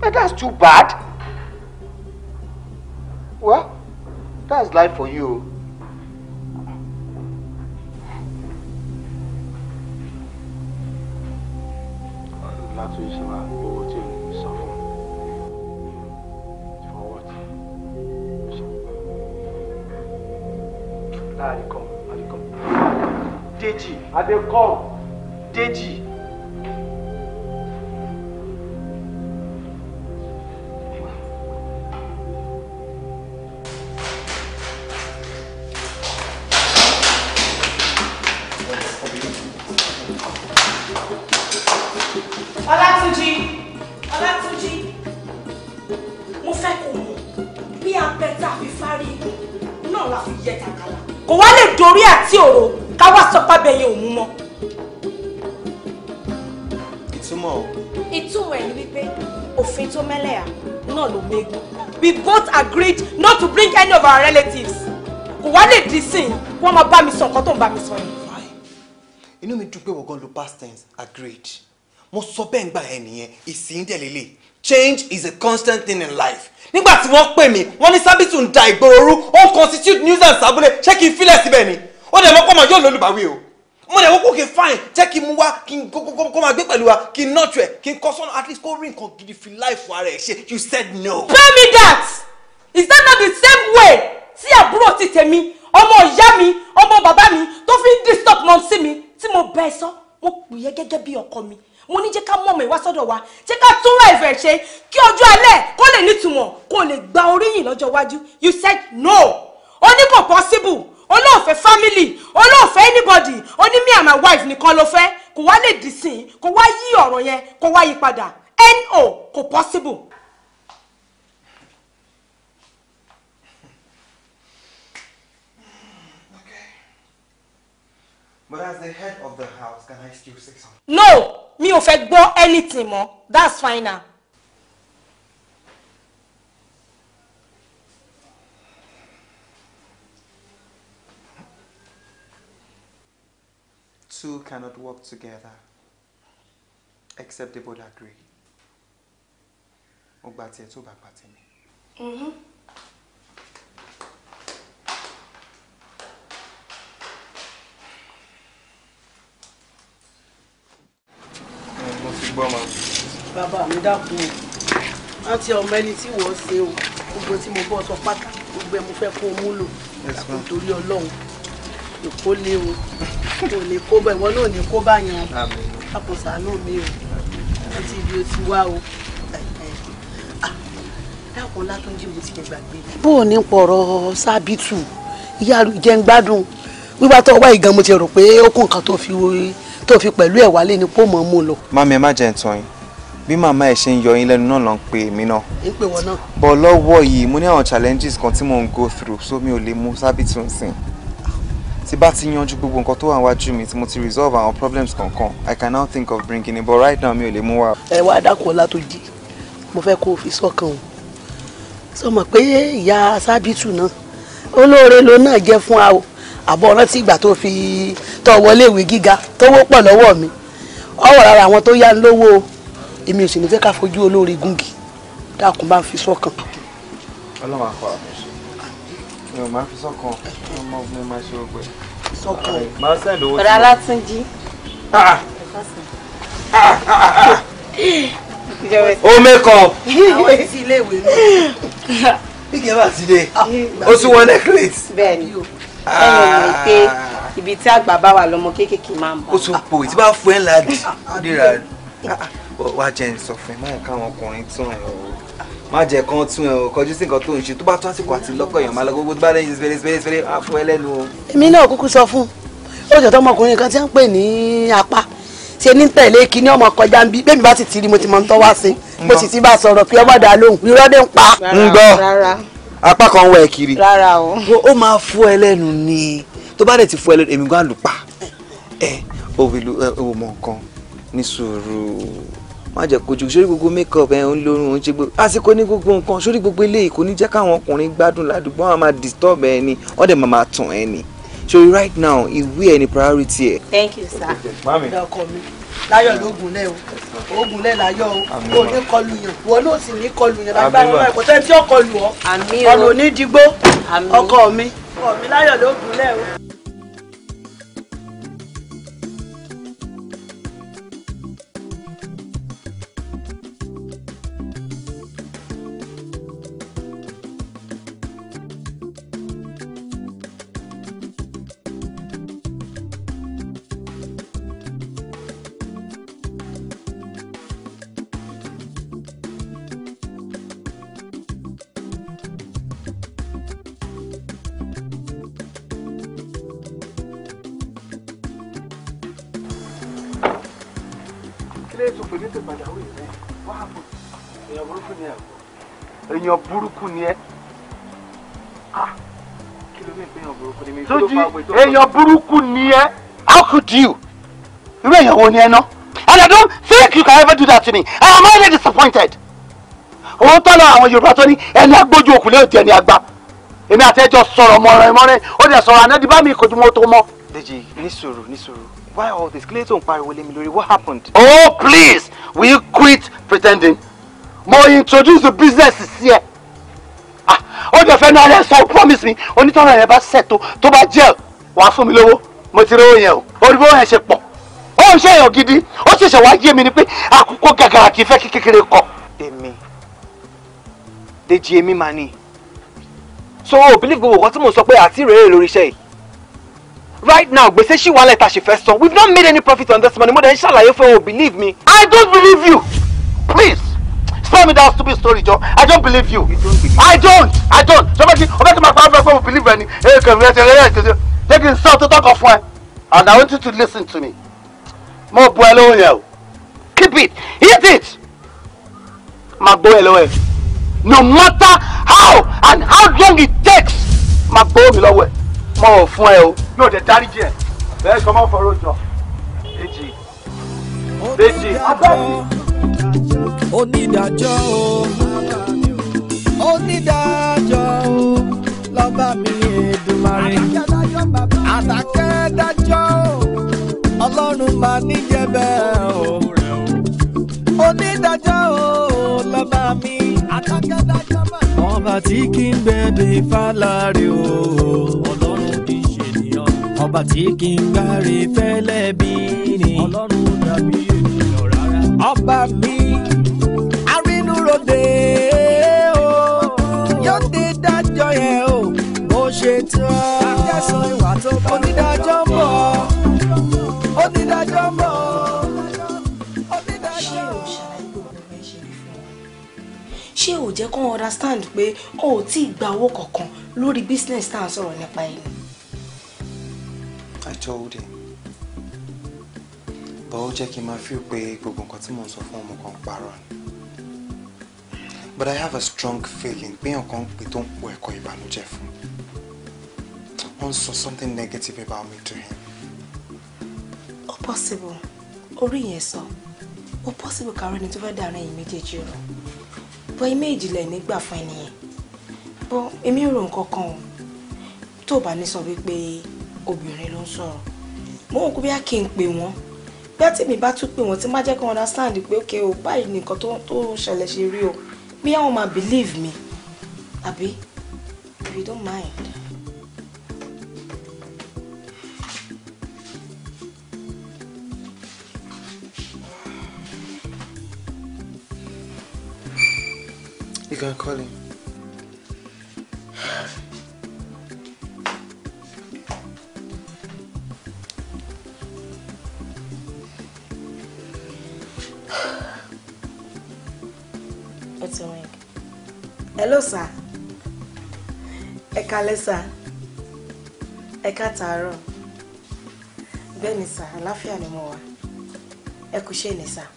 but that's too bad well that's life for you o. látúnṣe wa owó tí ò ní sọ fún mi fọwọ́ tí ó ṣe. láàrin kan àríkan Déjì adékọ́ Déjì. our relatives kò wá lè dín sí kí wọ́n máa bá mi sọ nǹkan tó ń bá mi sọ yẹn. inú mi dùn pé wọ́n gan lo past tense agreed mo sọ bẹ́ẹ̀ ń gbà ẹ nìyẹn ìsìndẹ̀lélẹ̀ change is a constant thing in life nígbà tí wọ́n pè mí wọ́n ní sábìtù ń da ìgboro rú ó ń constitute nuisance abúlé ṣé kí n filẹ̀ síbẹ̀ ni ó dẹ̀ mọ́ máa yóò lólùbáwí o mo dẹ̀ wọ́n kí n fine jẹ́ kí n wá kí n kó máa gbé pẹ̀lú wa kí n nurture kí n kọ́ sọ́nà at least kó rí nǹkan gidi fi life ara ẹ̀ ṣe you said no. pay me that is that not the same way tí àbúrò ti tèmi ọmọ ìyá mi ọmọ bàbá mi tó fi ń disturb mọ́ sí mi tí mo bẹ́ ẹ sọ mo pè é gẹ́gẹ́ bí ọkọ mi mo ní jẹ́ ká mọ̀mọ́ ìwá sọ́dọ̀ wa jẹ́ ká túnra ìfẹ́ ṣe kí ọjọ́ alẹ́ kó lè nítumọ̀ kó lè gba oríyìn lọ́jọ́ iwájú you said no ó ní kò possible olóòfẹ́ family olóòfẹ́ anybody ó ní me and my wife nìkan ló fẹ́ kò wá lè dì sí kò wá yí ọ̀rọ̀ yẹn kò wá yí padà no kò possible But as the head of the house, can I still say something? No! me ò fẹ́ gbọ́ anything more. That's fine now. Two cannot work together except they both agree. Ó gbà tiẹ̀ tó bá gbà tèmi. Mm-hmm. gbọ́ ma. bàbá mi dákun o láti ọmọ ẹni tí wọ́n ṣe o gbogbo tí mo bọ́ sọ pátá gbogbo ẹ mo fẹ́ kó o múlò dàpọ̀ torí ọlọ́run èkó lé o kò lè kó bá ìwọ náà ní kó bá yan dàpọ̀ sàánú mi o àti ibi o ti wá o ah, dàpọ̀ látúnjì mo ti lè gbàgbé. bó o ní pọ̀rọ̀ sábìtù ìyá jẹ́ ń gbádùn wíwá tó wá ìgan mo ti rò pé ó kún nǹkan tó fi wọ́n tó fi pẹ̀lú ẹ̀ wálé ni kó mọ̀ lọ. mami ẹ má jẹ́ ǹtàn yín bí màmá ẹ ṣe ń yọ yín lẹ́nu náà ló ń pe èmi náà. ń pè wọ́n náà. bọ̀ lọ́wọ́ yìí mo ní àwọn challenges kan tí mò ń go through so mi ò lè mú sábìtì nsìn tí bá ti yanjú gbogbo nǹkan tó wà wájú mi tí mo ti resolve àwọn problems kankan i can now think of bringing it but right now mi ò lè mú wa. ẹ wá dákun ọlá tó jí mo fẹ́ kó o fi sọ́kàn o sọ mọ̀ pé ìyá sábìtù náà olóore ló náà jẹ́ fún wa o àbọ̀ rántí ìgbà tó fi tó wọlé ìwé gíga tó wó pọ̀ lọ́wọ́ mi ọwọ́ rárá àwọn tó yá lówó èmi ò sì ní fẹ́ ká fojú olórí gúngi dákun bá ń fi sọ́kàn. ọlọ́run àkọ́ àmì ṣe mi ò máa fi sọ́kàn ọmọ mi máa ṣe ogun ẹ̀. sọ́kàn máa sẹ́ǹd owó sí i. ọ̀rọ̀ alátúnjí. o make up. àwọn etí ilé ìwé náà. *laughs* bí kìí bá ti dé o ah. tún wọn necklace. bẹ́ẹ̀ni o ẹ̀yin ò mọ̀ pé ah. ibi tí àgbà bá wà lọ́mọ kéékèèké máa ń bá. ó tún pò tí bá fún ẹ ńlá dì níra wàá jẹ ń sọ fún ẹ má yẹ káwọn ọkùnrin tún ẹ o má jẹ kán tún ẹ o kọjú sí nǹkan tó ń ṣe tó bá tó àsìkò àti lọ́kọ̀ èèyàn máa lọ gbogbo tó bá lẹ́yìn fẹ́rẹ́ fẹ́rẹ́ fẹ́rẹ́ á fún ẹ lẹ́nu o. èmi náà kúkú sọ fún ó jọ tọmọkùnrin kan tí ń pè ní apá ṣe ní tẹ̀lé kíní ọmọ kọjá ń bí bẹ́ẹ̀ mi bá sì ti rí mo ti mọ ń tọ́ wá sí mo sì ti bá sọ̀rọ̀ pé ọmọdà lóhùn irọ́ dé ń pa. ń gbọ́ apá kan wọ ẹ kiri. rárá o. ó máa fọ́ ẹ lẹ́nu ni tó bá dẹ̀ ti fọ́ ẹ lẹ́nu èmi gan àlùpà ẹ òwìlú ẹ òwò mọ̀ nǹkan ní sùúrù má jẹ́ kojú sórí gbogbo makeup ẹ ń lórun ń ṣe gbogbo àsìkò ní gbogbo nǹkan sórí gbogbo eléyìí kò ní jẹ́ káwọn ọkùnrin gbádùn ládùúgbò àwọn máa disturb ẹ ni wọ́n dẹ̀ máa máa tàn ẹ ni so right now ìwé ẹ ni priority ẹ. thank you sir. dọkọ mi láyọ̀ lóògùn lẹ́ o oògùn lẹ́ láyọ̀ o ò ní kọlu yàn wọn náà sì ní kọlu yàn lágbára ọlọ́run kò sẹ́ni tí ó kọlu ọ ọ̀nà onídìgbò ọkọ mi ọkọ mi láyọ̀ lóògùn lẹ́ o. kílẹ̀ tó burúkú ni àbò èèyàn ẹ ah! kí burúkú ni ẹ. how could you irú èèyàn wo ni ẹ ná and I don't think you can ever do that to me I am highly disappointed òun tọ́ àwọn Yorùbá tó ní ẹni agbójú òkùnlé òtí ẹni àgbà èmi àtẹ́jọ́ sọ̀rọ̀ mọ̀rẹ́ mọ́rẹ́ ó dẹ̀ sọ̀rọ̀ ànádìbá mi kò mọ́ tó mọ́. Dèjì why all this Clayton, tó ń pariwo lé what happened. oh please will you quit pretending mo introduce the business sí ẹ ah, ó jẹ fẹ́ nu alẹ́ sọ promise mi onítọ̀rọ̀ yẹn bá ṣètò tó bá jẹ́ wàá fún mi lówó mo ti rówó yẹn o oríwó yẹn ṣe pọ̀ ó ń ṣe èèyàn gidi ó ṣẹ̀ṣẹ̀ wá yé mi ni pé àkókò gàgàrà kì í fẹ́ kí kékeré kọ. èmi dèjì èmi máa ní so o believe gbogbo nǹkan tí mo sọ pé àti rèé lórí iṣẹ́ yìí right now gbèsè ṣì wà lẹ́ta ṣe fẹ́ san we don made any profit on this money More than ń ṣàlàyé fún o believe me. I don't believe you please spare me that stupid story jọ I don't believe you I don't I don't ṣọfẹ́ ti ọbẹ̀ tí màá pa ọ́fẹ́ pé mo believe ẹni ẹ̀ kẹ̀mí ẹ̀ tẹ̀lé ẹ̀ tẹ̀lé jẹ́ kí n sọ tó tọkọ̀ fún and I want you to listen to me mo bu ẹ lóhùn yẹn o keep it eat it màá gbó ẹ lọ́wọ́ ẹ no matter how and how long it takes màá gbó mi lọ́wọ́ ẹ mo rò fún ẹ o. yóò dé dáríjì ẹ bẹ́ẹ̀ sọ máa fọ̀rọ̀ jọ èjì èjì abẹ́ẹ̀lì. onídàájọ́ o onídàájọ́ o lọ́ba mi Èdùmàrè àtàkẹ́dájọ́ o ọlọ́run máa níjẹ́ bẹ́ẹ̀ o onídàájọ́ o lọ́ba mi àtàkẹ́dájọ́ bá. ọba tí kì í bẹ́ẹ̀ bí fàlàrí o ọba tí kì í kárí fẹ́lẹ́ bí ni ọlọ́run dàbí ènìyàn rárá. ọba mi arínúròde o yóò dé dájọ́ yẹn o bó ṣe tán. àjẹsán ìwà tó bá onídàájọ́ ń bọ̀ onídàájọ́ ń bọ̀. ṣé ò jẹ́ kó understand pé o ò tí ì gba owó kankan lórí business tá à ń sọ̀rọ̀ nípa ẹ̀ ni. I told him but ó jẹ́ kí n máa feel pé gbogbo nǹkan tí mò ń sọ fún ọmọ kan parọ́ ni but I have a strong feeling pé ọ̀kan pè tó ń po ẹ̀kọ́ ìbànújẹ́ fún wọ́n sọ something negative about me to him. ó possible orí yẹn sọ ó possible kárọ́ ni tó fẹ́ dàrin ẹ̀yìn méjèèjì rọ̀ bọ́ imé ìjìnlẹ̀ nígbà fún ẹnìyẹn bọ́ èmi ò rò nǹkan kan o tó bá ní sọ wípé obìnrin ló ń sọ̀rọ̀ mo ń kú bí a kì í pè wọ́n bí a ti mi bá tún pè wọ́n tí má jẹ́ kí wọ́n understand pé ok o báyìí nìkan tó ṣẹlẹ̀ ṣe rí o bí àwọn máa believe me àbí if you don't mind. You can call him. hello sir ẹ kalẹ́ sir ẹ káàtàárọ̀ bẹ́ẹ̀ ni sir àláfíà ni mo wà ẹ kú ṣe ni sir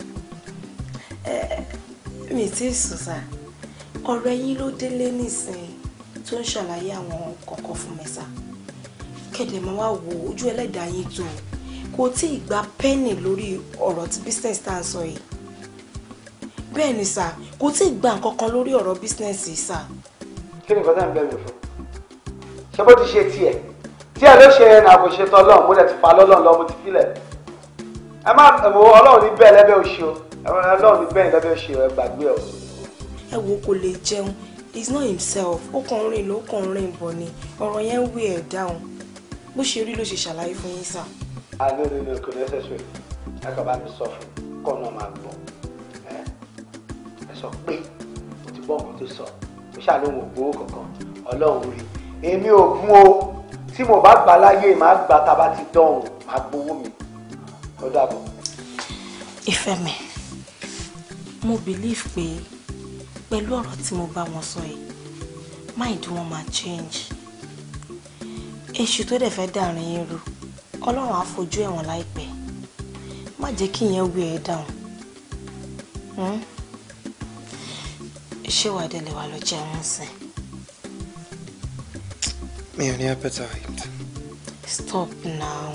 ẹ mi ti sùn sir ọ̀rẹ́ yín ló délé nísìnyí tó ń ṣàlàyé àwọn kọ̀ọ̀kan fún mi sir kẹ̀dẹ̀ máa wá wo ojú ẹlẹ́dàá yín tó kò tí ì gba pẹ́ẹ̀nì lórí ọ̀rọ̀ tí business tá à ń sọ yìí bẹ́ẹ̀ ni sà kò tí ì gba nǹkan kan lórí ọ̀rọ̀ bísínẹ́sì sà. kí ni kọ́tà ń bẹ̀ mí fún ṣé bó ti ṣe tiẹ̀ tiẹ̀ ló ṣe ẹnà àbòṣe tán lọ́hùn mo lẹ̀ ti fa lọ́lọ́run lọ́mọ ti filẹ̀ ẹ má ẹ̀wọ̀ ọlọ́run ní bẹ́ẹ̀ lẹ́bẹ̀ẹ́ òṣì o ọlọ́run ní bẹ́ẹ̀ lẹ́bẹ̀ẹ́ òṣì o ẹ gbàgbé o. ẹ wo kò lè jẹun he's not himself ó kàn ń rìn ló kàn ń rìn bọ̀ ni ọ̀rọ̀ yẹn ń wé ẹ̀ dáhùn bó ṣe rí ló ṣe ṣàlàyé fún yín sà. àná ah, ni kò ní ẹsẹ̀ sọ yìí ẹ kàn bá mi sọ fún kọ́nà máa gbọ́ sọ pé mo ti gbọ́ nǹkan tó sọ mo ṣáà lóun ò gbowó kankan ọlọ́run rí èmi ò gún o tí mo bá gbà láyé màá gbà tá ti dán o màá gbowó mi lọ́dọ̀ àbọ̀. ìfẹ́ mi mo believe pé pẹ̀lú ọ̀rọ̀ tí mo bá wọn sọ yìí mind wọn máa change èṣù tó dẹ̀ fẹ́ dàrin yín ru ọlọ́run á fojú ẹ̀wọ̀n láìpẹ́ má jẹ́ kí ìyẹn wí ẹ̀ dáhùn ṣé wàá délé lọ jẹun sìn. mi ò ní appetite. stop now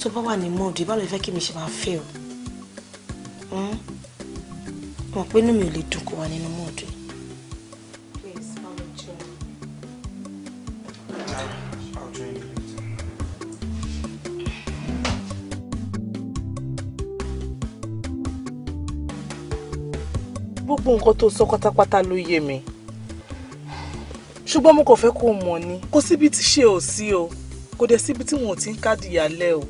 tó bá wà ní mood ìbá ló fẹ́ kí mi ṣe máa feel hmm? mọ̀ pé inú mi ò lè dùn kó wà nínú mood yìí. nǹkan tó sọ pátápátá ló yé mi ṣùgbọ́n mo kàn fẹ́ kó mọ̀ ni kò síbi tí ṣe ò sí o kò dẹ̀ síbi tí wọn ò ti ń kádìyà lẹ́ o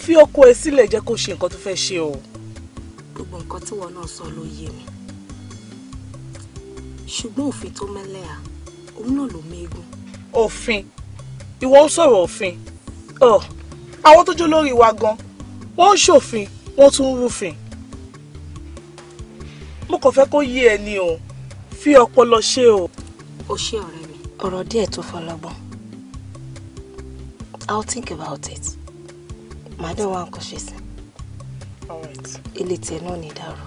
fi ọkọ ẹ sílẹ̀ jẹ́ kó ṣe nǹkan tó fẹ́ ṣe o. gbogbo nǹkan tí wọn náà sọ ló yé mi ṣùgbọ́n òfin tó mẹ́lẹ́ òun náà ló méegun. òfin ìwọ ń sọ̀rọ̀ òfin àwọn tó jó lórí wa gan wọ́n ń ṣòfin wọ́n tún ń rúfin kàn fẹ́ kó yé ẹ o fi ọpọlọ ṣe o. o ṣe ọ̀rẹ́ mi ọ̀rọ̀ díẹ̀ tó fọlọ́gbọ́n I'll think about it màá dé wá nǹkan ṣe sí. ilé tiẹ̀ náà ní dàrú.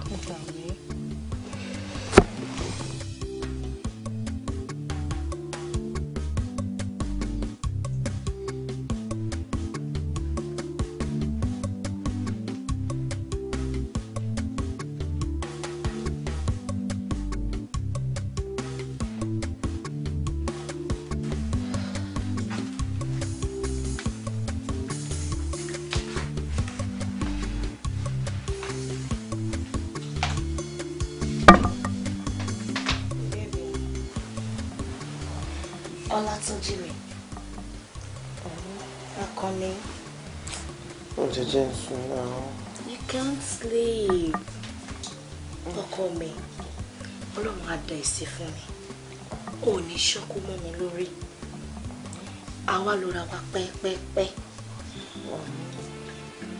máa wa pẹ́ẹ́pẹ́ẹ́pẹ́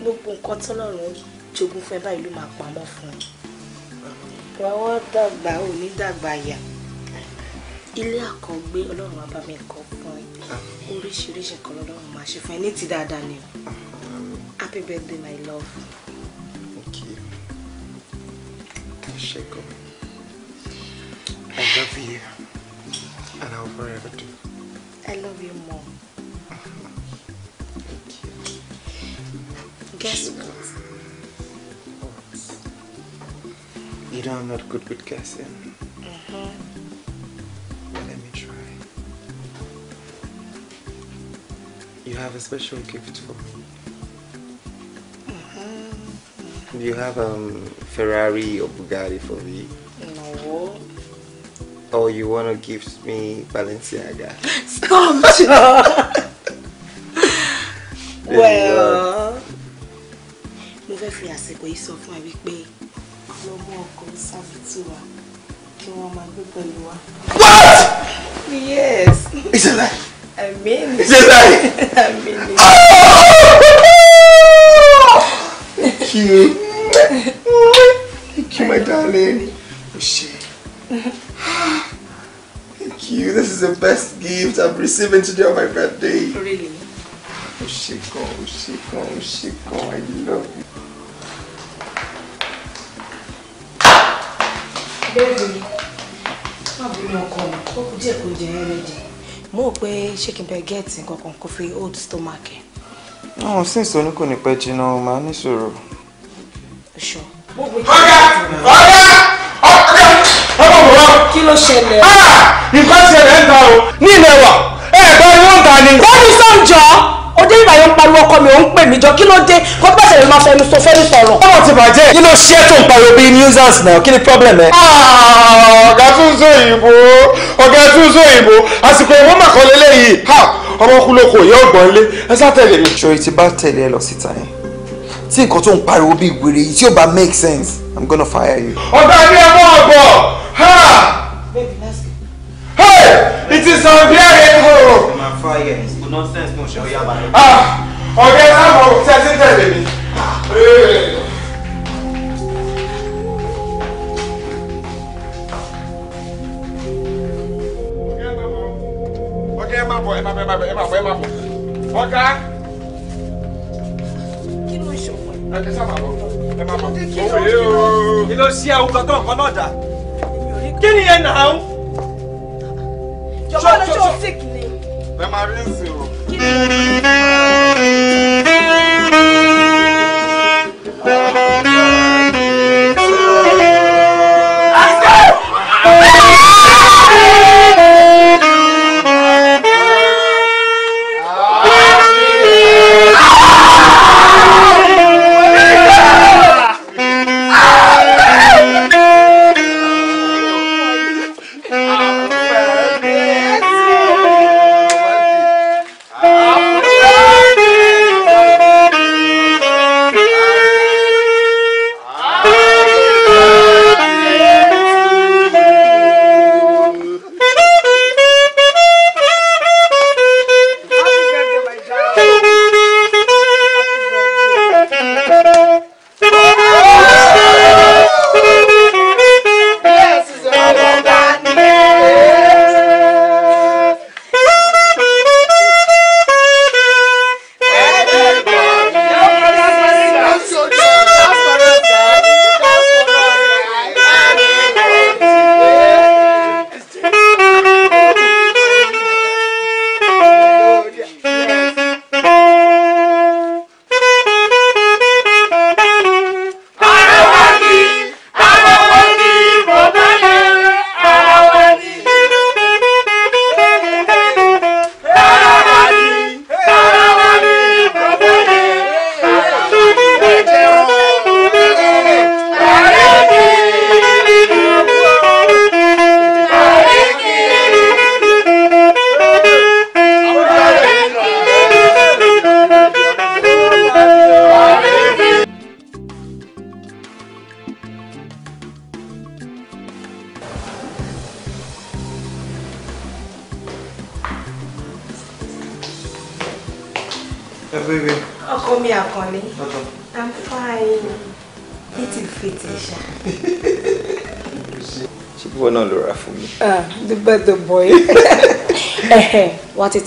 gbogbo nǹkan tọ́lọ́run jogún fẹ́ báyìí ló máa pamọ́ fún un wàá dàgbà ò ní dàgbà yà ilé àkọ́gbé ọlọ́run wa fún ẹ oríṣiríṣi kan lọ́lọ́run máa ṣe fún ẹ ní ti dáadáa ni o happy birthday my love. thank you ṣe i love you and i will forever do. i love you more. guess what? You know I'm not good with guessing. Uh-huh. let me try. You have a special gift for me. Do uh-huh. you have um Ferrari or Bugatti for me? No. Or oh, you wanna give me Balenciaga? *laughs* Stop, John. *laughs* well. fi àsìkò yìí sọ fún ẹ wípé lọ mú ọkọ sábìtì wa kí wọ́n máa gbé pẹ̀lú wa. what. yes. Is it lie. I mean Is it. it's *laughs* I mean it. Ah! thank you thank you my darling o oh, thank you this is the best gift I'm receiving today on my birthday. really. o ṣé gan o ṣé gan o I love mo rò pé ṣé kí n bẹ gẹ́ẹ̀tì kankan kó fi old stomach ẹ̀. ọ̀hún sí ìsọ̀ní kò ní pẹ́ jiná o máa níṣòro. ọ̀ṣọ́. ọ̀gá ọ̀gá ọ̀gá ọmọ òwúrọ̀. kí ló ṣẹlẹ̀. Ah! nǹkan ṣẹlẹ̀ ń ta o ní ilẹ̀ wa ẹ̀ẹ́dọ́ ni wọ́n ń wọ́n ní sọ́njọ́ òde ìgbà yẹn ń pariwo ọkọ mi ò ń pè mí jọ kí ló dé kó bá ṣẹlẹ̀ máa fẹnu so fẹnu sọ̀rọ̀. ọmọ ti bàjẹ́ kí ló ṣe tó ń pariwo bíi nuisance náà kí ni problem ẹ. Ah, ọ̀gá tún sọ òyìnbó ọ̀gá tún sọ òyìnbó àsìkò ìwọ́n màkọ́lé lẹ́yìn ọmọ kú lóko ìyá ọ̀gbọ́n lé ẹ sá tẹ̀lé mi. ṣòro ti bá tẹ̀lé ẹ lọ síta yẹn tí nǹkan tó ń pariwo bíi wèrè yìí tí ò bá make sense i'm gonna fire you. ọ̀gá ní ẹ mọ́ ọ̀bọ̀ ha hey it is on there nonsense tó ń ṣe ọyá balẹ̀. Ah! ọ̀gá ẹ̀ sábà tí a ti ń tẹ̀lé mi. ọ̀gá ẹ̀ má bọ̀ ẹ̀ má bọ̀ ẹ̀ má bọ̀ ẹ̀ má bọ̀ ẹ̀ má bọ̀ ọ̀gá. kí ló ń ṣòfò. ẹ sábà bọ̀ ẹ má bọ̀ òwe ooo. kí ló ṣí ẹ òkò tó nǹkan náà dà. kí ni ẹ nà án. jọ̀wọ́ lọ́jọ́ sick ni ẹ máa rí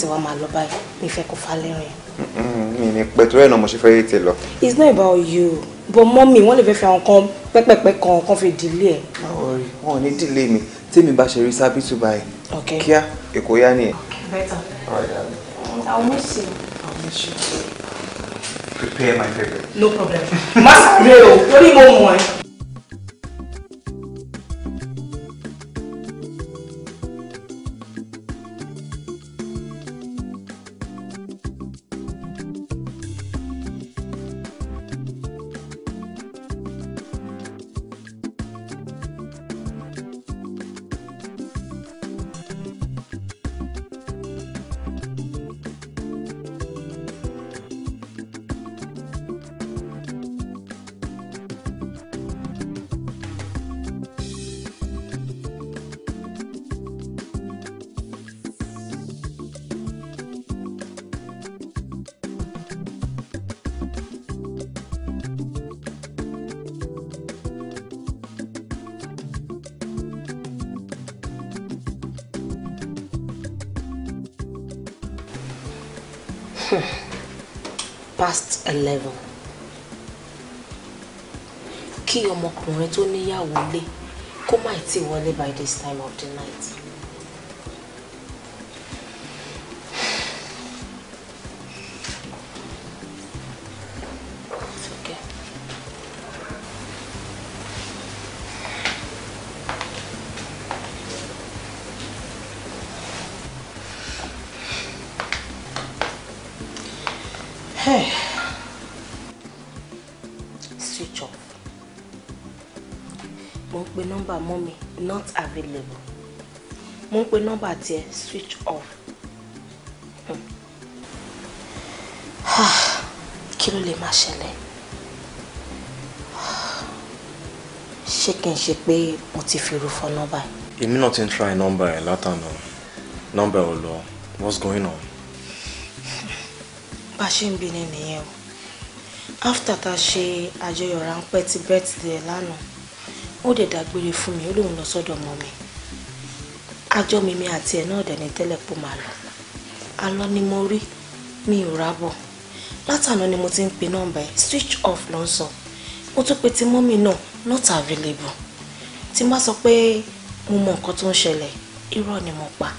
wa máa lọ báyìí mi fẹ́ kó falẹ̀ rìn. mi ni pẹ̀tùrọ̀ ẹ̀ náà mo ṣe fẹ́ tè lọ. it's not about you but mọ́mì wọ́n lè fẹ́ fi àwọn kan pẹ́pẹ́pẹ́ kan kan fi dìlé ẹ̀. wọn ò ní dìlé mi tèmi bá ṣe rí sábìtú báyìí kíá èkó yá nìyẹn. better. I'll miss you. I'll miss you. Prepare my paper. No problem. Masquerade, what do you want? Hmm. past eleven kí ọmọkùnrin tó níyàwó lé kó má ti wọlé by this time of the night. available mo ń pe nọ́mbà tiẹ̀ switch off hmm. ah, kí ló lè máa ṣẹlẹ̀ ṣé kí n ṣe pé mo ti fi rú fọ nọ́mbà yìí. èmi náà ti ń try nọ́mbà ẹ̀ látànà nọ́mbà ò lọ what's going on. bá a ṣe ń bi ni nìyẹn o after tá a ṣe àjọyọ̀ ráńpẹ́ ti birthday lánàá ó dẹ̀ dágbére fún mi ó lóun lọ sọ́dọ̀ ọmọ mi àjọ mímí àti ẹ̀ náà dẹ̀ ní tẹ́lẹ̀ pò máa lọ alọ́ ni mo rí mi ò rábọ̀ látàná ni mo ti ń pe nọ́mbà ẹ̀ switch off ló ń sọ mo tún pe ti mọ́mì náà not available tí n bá sọ pé mo mọ nǹkan tó ń ṣẹlẹ̀ irọ́ ni mo pa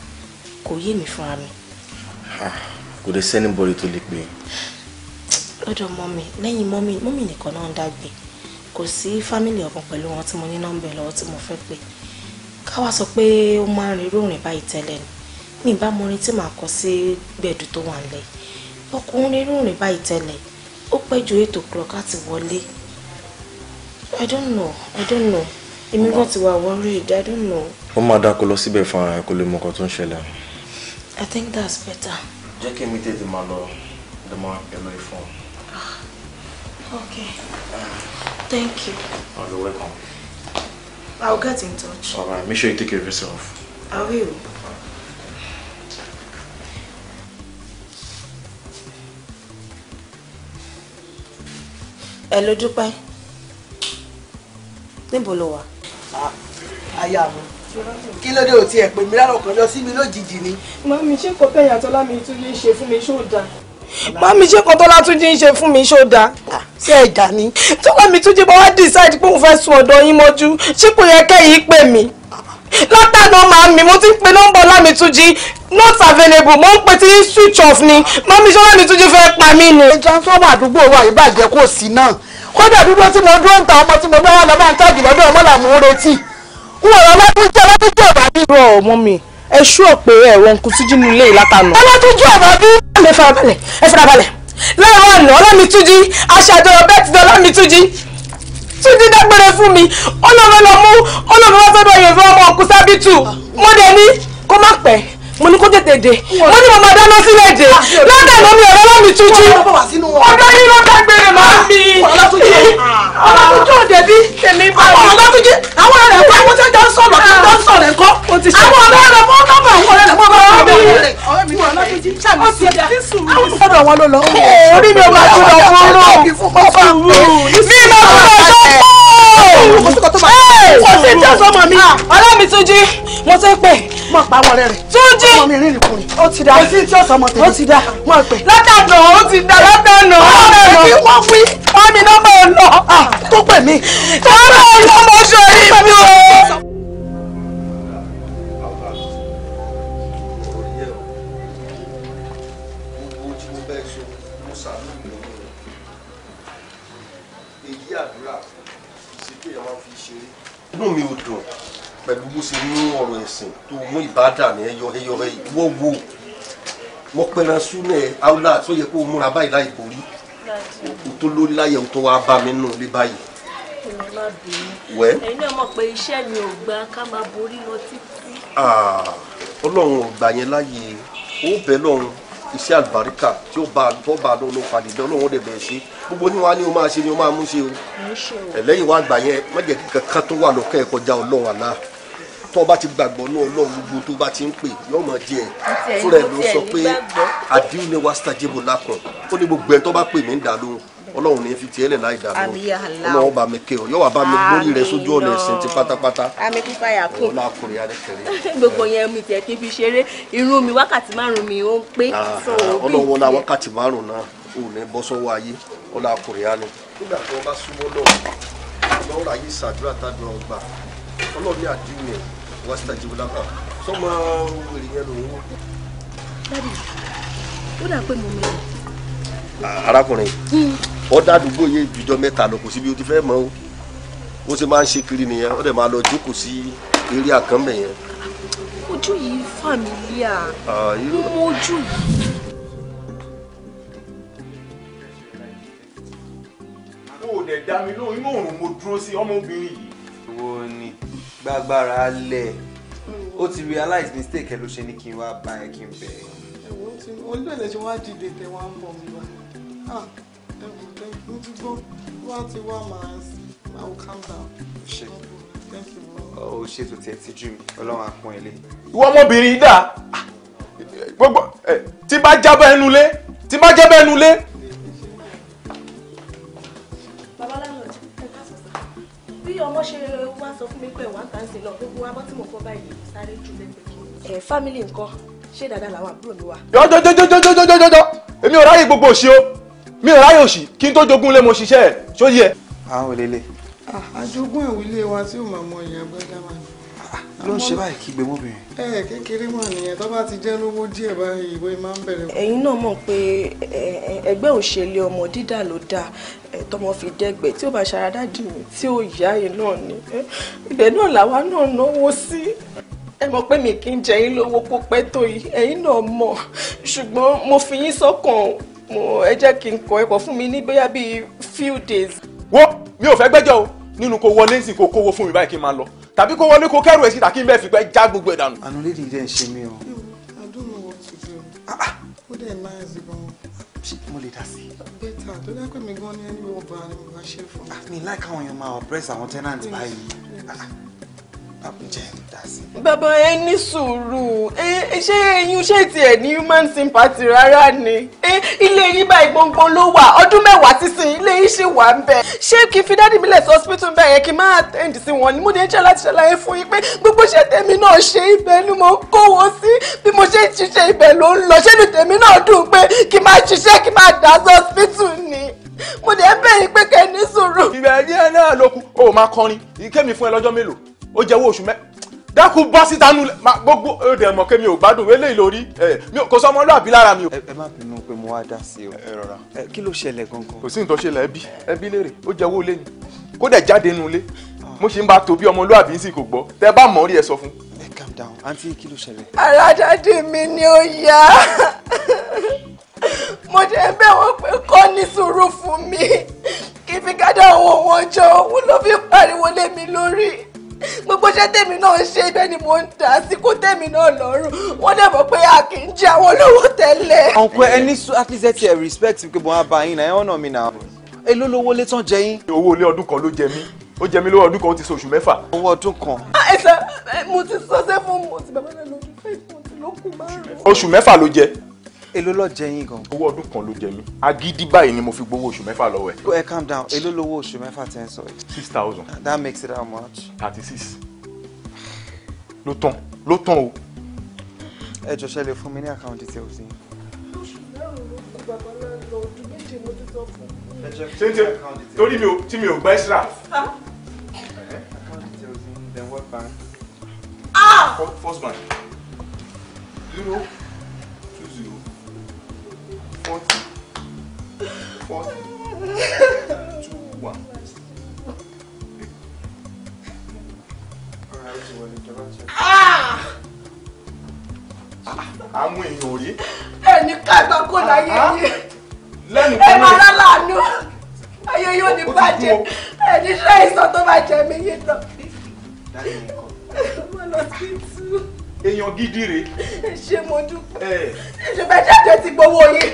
kò yé mi fúnra mi. Ah, kò dé sẹ́ni bọ́ọ̀lì tó lè pè é. lọ́dọ̀ mọ́mì lẹ́yìn mọ́mì mọ́mì nìkan náà ń dàgbé kò sí fámìlì ọ̀kan pẹ̀lú wọn tí mo ní nọ́mbẹ̀ lọ́wọ́ tí mo fẹ́ pé káwá sọ pé ó máa ń rin rúrin báyìí tẹ́lẹ̀ ni ní ìbámu orin tí màá kọ sí gbẹ̀dù tó wà nílẹ̀ ọkùnrin rúrin báyìí tẹ́lẹ̀ ó pẹ́ ju eight o'clock láti wọlé i don't know i don't know èmi gan ti wà worried i don't know. ó máa dáko lọ síbẹ̀ fún ara ẹ kó lè mọ ọkọ tó ń ṣẹlẹ̀. i think that's better. jẹ́ kí èmi tètè máa lọ dẹ̀ máa pẹ̀lú ìfọ̀n. Ah, okay. Uh. Thank you. Oh, you're welcome. I'll get in touch. All right, make sure you take care of yourself. I will. Hello, Dúpẹ́. Níbo lo wà? Ah, aya mi. Kí ló dé ò tiẹ̀ pè mí láròkànjọ́ sí mi lójijì ni? Màmí ṣé kò bẹ́yà tọ́lá mi tún lè ṣe fún mi ṣó dáa? mami ṣé kan tọ́lá tún jí ń ṣe fún mi ṣó dáa. ṣé ah. ẹ̀dá ni. tọ́lá mi tún jí bá wá decide pé òun fẹ́ sun ọ̀dọ̀ yín mọ́jú ṣé kò yẹ kẹ́yìn pè mí. látàná màmí mo ti ń pe nọ́mbà Ọlámìtúnjí not available mo ń pe tí switch off ni mami ṣé Ọlámìtúnjí fẹ́ pa mí ni. transformer àdúgbò wa ìbàjẹ́ kò sí náà kódà dúró tí mo dúró ń ta ọmọ tí mo bá wà lọ́ máa ń tàbí lọ́dọ̀ ọmọ làwọn ò retí n ò lọ́lá tó jẹ́ lọ́dún jẹ́ ọ̀bá bí. rọ ọmọ mi ẹ ṣú ọ̀pẹ ẹ̀rọ nkùtújú nílé ìlàtànà. ọlọ́dún jẹ́ ẹ farabalẹ̀ ẹ farabalẹ̀ lẹ́yìn àná ọlámitúnjí aṣáájọyọ̀ bẹ́ẹ̀ ti dán ọlámitúnjí túnjí dágbére fún mi olóòrè lọ mú olóòrè wá sọ́dọ̀ yorùbá ọmọ ọkùnsábìtù mo dẹ̀ ní kó má pẹ́ mo ní kó tètè dé mo ní mo máa dáná sílẹ̀ dé ah, lọ́dà ló mi ọ̀rọ̀ lọ́mi tuntun ọ̀dọ́ yìí ló dágbére máa ń mi ọlọ́túnjì ah, òdèbí tèmi bá wọn. Ah, àwọn ọlọ́túnjì àwọn ẹ̀rẹ̀ fún àwọn tẹ́jọ́ ń sọ̀rọ̀ tó ń sọ̀rọ̀ ẹ̀kọ́ àwọn ọ̀rẹ́ rẹ̀ fún nọ́mbà àwọn ọ̀rẹ́ rẹ̀ fún ọ̀rẹ́ rẹ̀ fún ọ̀rẹ́ rẹ̀ ọ̀rẹ́ wọn ló lọ. orí mi ò máa tún lọ fún un náà. mi máa tún lọ sọ́kọ̀. kò sí ìjọsọ́mọ mi. ọlọ́mi tún jí mo ti pè mọ̀ pa àwọn ọ̀rẹ́ rẹ̀. túnjí ọmọ mi rìn rìn kùnrin. ó ti da kò sí tí ó sọmọ tèmi. ó ti da mọ̀ pẹ́. látànà ó ti da látànà. ọ̀rẹ́ mi wọ́n wí ọ̀mì náà máa lọ. Ah, tó pè mí. ọ̀rẹ́ ọlọ́mọ sọ̀rí mi o. inú mi ò dùn pẹ̀lú bó ṣe ní ọ̀rọ̀ ẹ̀sìn tó mú ìbádàn ẹ yọ ẹ yọ ẹ wọ́ wo wọ́n pẹran súnà ẹ áúlà tó yẹ kó múra báyìí láì borí o tó lórí láyẹ o tó wá bá mi nù lé báyìí. wẹ́ ẹ̀yin náà mọ̀ pé iṣẹ́ mi ò gba ká máa borí lọ títí. ọlọ́run ò yẹn láyè ó bẹ̀ lọ́run iṣẹ́ àlùbáríkà tí ó bá tó bá lọ ló padì dán lóhun dẹ̀ bẹ̀ẹ́ ṣe gbogbo ní wa ni o máa ṣe ni o máa mú ṣe o ẹlẹ́yìn wa gbà yẹn má jẹ́ kí kankan tó wà lọ́kẹ́ kọjá ọlọ́run àná tó o bá ti gbàgbọ́ náà ọlọ́run gbogbo tó o bá ti ń pè yóò mọ̀ díẹ̀ fúnra ẹ̀ ló sọ pé àdìrú ni wàá sàjẹ́bù lákàn ó ní gbogbo ẹ̀ tó bá pè mí ń dà lóhùn ọlọ́run ní fi tiẹ̀ lẹ̀ láì dà lóhùn ọlọ́run bá mi kẹ́ ọ yóò wá bá mi lórí rẹ sójú ọ̀nà ẹ̀sìn ti pátápátá ọlọ́run akùnrin adẹ́kẹ̀rẹ́. *laughs* gbogbo yẹn mi tiẹ̀ kí n fi ṣeré irun mi wákàtí márùn mi ó ń pé. Ah, ah, ọlọ́run wọn la wákàtí márùn náà ò ní bọ́ sọ́wọ́ ayé ọlọ́run akùnrin á ní. nígbà tí wọ́n bá súnmọ́ náà ọlọ́run ayé ṣàdúrà tàbí ọgbà ọlọ́run ní àdínwó wàsítàjì wùlákà sọmọ wèrè yẹn lòun wò. dádì ó dà pé mo mẹ́rin. arákùnrin ọ̀dà hmm. àdúgbò yẹn ìjọ mẹ́ta lọ kò síbi o ti fẹ́ mọ́ o ó sì máa ń ṣe kiri nìyẹn ó dẹ̀ máa lọ jókòó sí eré àkànbẹ̀ yẹn. ojú yìí fàmílíà mo ojú yìí. o dẹ̀ dá mi lóhùn inú òòrùn mo dúró sí ọmọbìnrin yìí gbàgbára lẹ̀ ó ti realize mistake ẹ ló ṣe ní kí n wá bá ẹ kí n bẹ̀ ẹ́. ẹ̀wọ̀n tí wọ́n bẹ̀rẹ̀ ṣe wá dìde tẹ̀ wá ń bọ̀ mi wá ẹ̀wọ̀n tẹ̀ ń dúgbò wá ti wá màá sí i will calm down. ṣe o ṣe tó tiẹ̀ ti jù mí ọlọ́run á pọ́n ilé. ìwọ ọmọbìnrin dà gbogbo tí bá jábọ̀ ẹnu lé tí bá jábọ̀ ẹnu lé ọmọ ṣe wá sọ fún mi pé wàá kà ń sin lọ gbogbo abọ́ tí mo fọ́ báyìí sáré jù lẹ́gbẹ̀ẹ́. ẹ fámìlì nǹkan ṣé dáadáa làwọn àbúrò mi wà. jọjọjọjọjọjọjọ èmi ò ráyè gbogbo òṣì o mi ò ráyè òṣì kí n tó jogún lé mo ṣiṣẹ́ ẹ̀ sóyè. àwọn olèlè. Ah, àjogún ìwílé wa tí ò máa mọ ìyàgbẹ́ dáná. Ah, ló ń ṣe báyìí kí gbẹmọ́bìnrin ẹ eh, kékeré mà nìyẹn tó bá ti jẹ́ lówó díẹ̀ báyìí ìwé máa ń bẹ̀rẹ̀. ẹ̀yin náà mọ̀ pé ẹgbẹ́ òṣèlú ọmọ dídà ló dáa tọmọ fi dẹgbẹ tí ó bá ṣarada dì mí tí ó yá yìí náà ni ibẹ̀ náà làwa náà náwó sí ẹ mọ̀ pé mi kì í jẹ yín lówó kó pẹ́ tó yìí ẹ̀yin náà mọ̀ ṣùgbọ́n mo fi yín sọ́kàn mo ẹ jẹ́ kí n kọ ẹ̀kọ́ fún mi ní bóyá bíi few days. wo mi ò fẹ́ gbẹ́jọ́ o nínú kó wọlé sí kó kówó fún mi báyìí kí n máa lọ tàbí kó wọlé kó kẹrù ẹ síta kí n já gbogbo ẹ̀ dànù. àná lè dìde ṣe mí o. I don't know what to do. Ah, ah. ó dẹ̀ náà ẹ̀sìn gan-an. ṣé mo lè dá sí i. bẹ́tà tó dá mi gan ni ẹni wọ́n bá a ni ṣe fún. Ah, mi láì káwọn èèyàn máa oppress àwọn tenant báyìí bàbá ẹ ní sùúrù ṣé eyín ṣé tiẹ̀ ní human sympathy rárá ni ilé yín báyìí gbọ̀ngbọ̀n ló wà ọdún mẹ́wàá sísìn ilé yín ṣì wà ń bẹ̀ ṣé kí n fi dádì mi sí hospital bẹ́ẹ̀ yẹn kí n máa attend sí wọn ni mo ní ṣe láti ṣàlàyé fún yín pé gbogbo ṣe tèmi náà ṣe ibẹ̀ ni mo kó wọn sí bí mo ṣe ń ṣiṣẹ́ ibẹ̀ ló ń lọ ṣé ni tèmi náà dùn pé kí n máa ṣiṣẹ́ kí n máa dà sí hospital ni mo dẹ̀ bẹ̀ yín pé kẹ́ ní sùúrù. ìgbà yẹn náà lókun o máa kọrin kémi ó jẹ́ owó oṣù mẹ́ dákun bọ́ síta nu gbogbo èdè ẹ̀mọ́ kẹ́mi ò gbádùn eléyìí lórí kò sọ ọmọlúàbí lára mi o. ẹ má bínú pé mo wá dá sí o kí ló ṣẹlẹ̀ gangan. kò sí nǹkan ṣẹlẹ̀ ẹbí ẹbí léèrè ó jẹ́ owó lé ni kó dẹ̀ jáde nu ilé mo ṣe ń bá tóbi ọmọlúàbí ń sì kò gbọ́ tẹ bá mọ̀ rí ẹ sọ fún. ẹ calm down àǹtí kí ló ṣẹlẹ̀. aládàáde mi ni ó yá mo jẹ́ bẹ́ẹ̀ wọ́n pé kọ́ ní sùúrù fún mi kí fi gádà owó wọn jọ òun gbogbo iṣẹ́ tèmi náà ṣe ibẹ̀ ni mò ń dà sí tèmi náà lọ́rùn wọ́n dẹ̀ pé a kì í jẹ àwọn olówó tẹ́lẹ̀. ọ̀npẹ ẹni at least ẹ̀ respect pé bọ́n á ba yín náà ẹ̀ ọ̀nà mi náà èló lówó lé tán jẹ yín. owó ilé ọdún kan ló jẹ mí ó jẹ mí lówó ọdún kan ó ti ṣe oṣù mẹ́fà. owó ọdún kan. Ah, mo ti sọ sẹ́fún mo ti bàbá náà lọ́dún fẹ́ẹ́ mo ti lókun márùn-ún. oṣù mẹ́fà ló jẹ èló ló jẹ yín gan. owó ọdún kan ló jẹ mí agídí báyìí ni mo fi gbowó oṣù mẹ́fà lọ́wọ́ ẹ̀. ẹ calm down èló lowó oṣù mẹ́fà tẹ́ ń sọ six thousand. that makes it how much. thirty six ló tán ló tán o. ẹ jọ ṣẹlẹ̀ fún mi ní account details yìí. ṣé tí torí mi ò tí mi ò gbá ìṣirà. account details yìí then what bank. ah first bank. zero forty forty two ah! one. àwọn èèyàn ò rí. ẹnì kágbá kò láyé ah! yìí ẹ máa rán láàánú ayé yóò ní bàjẹ́ ẹni ṣe àìsàn tó bá jẹ mí yé lọ. mo lọ sí tú. èèyàn gidi rèé. ṣé mo dúpẹ́ ṣe bẹ́ẹ̀ ṣàjọ ti gbowó yìí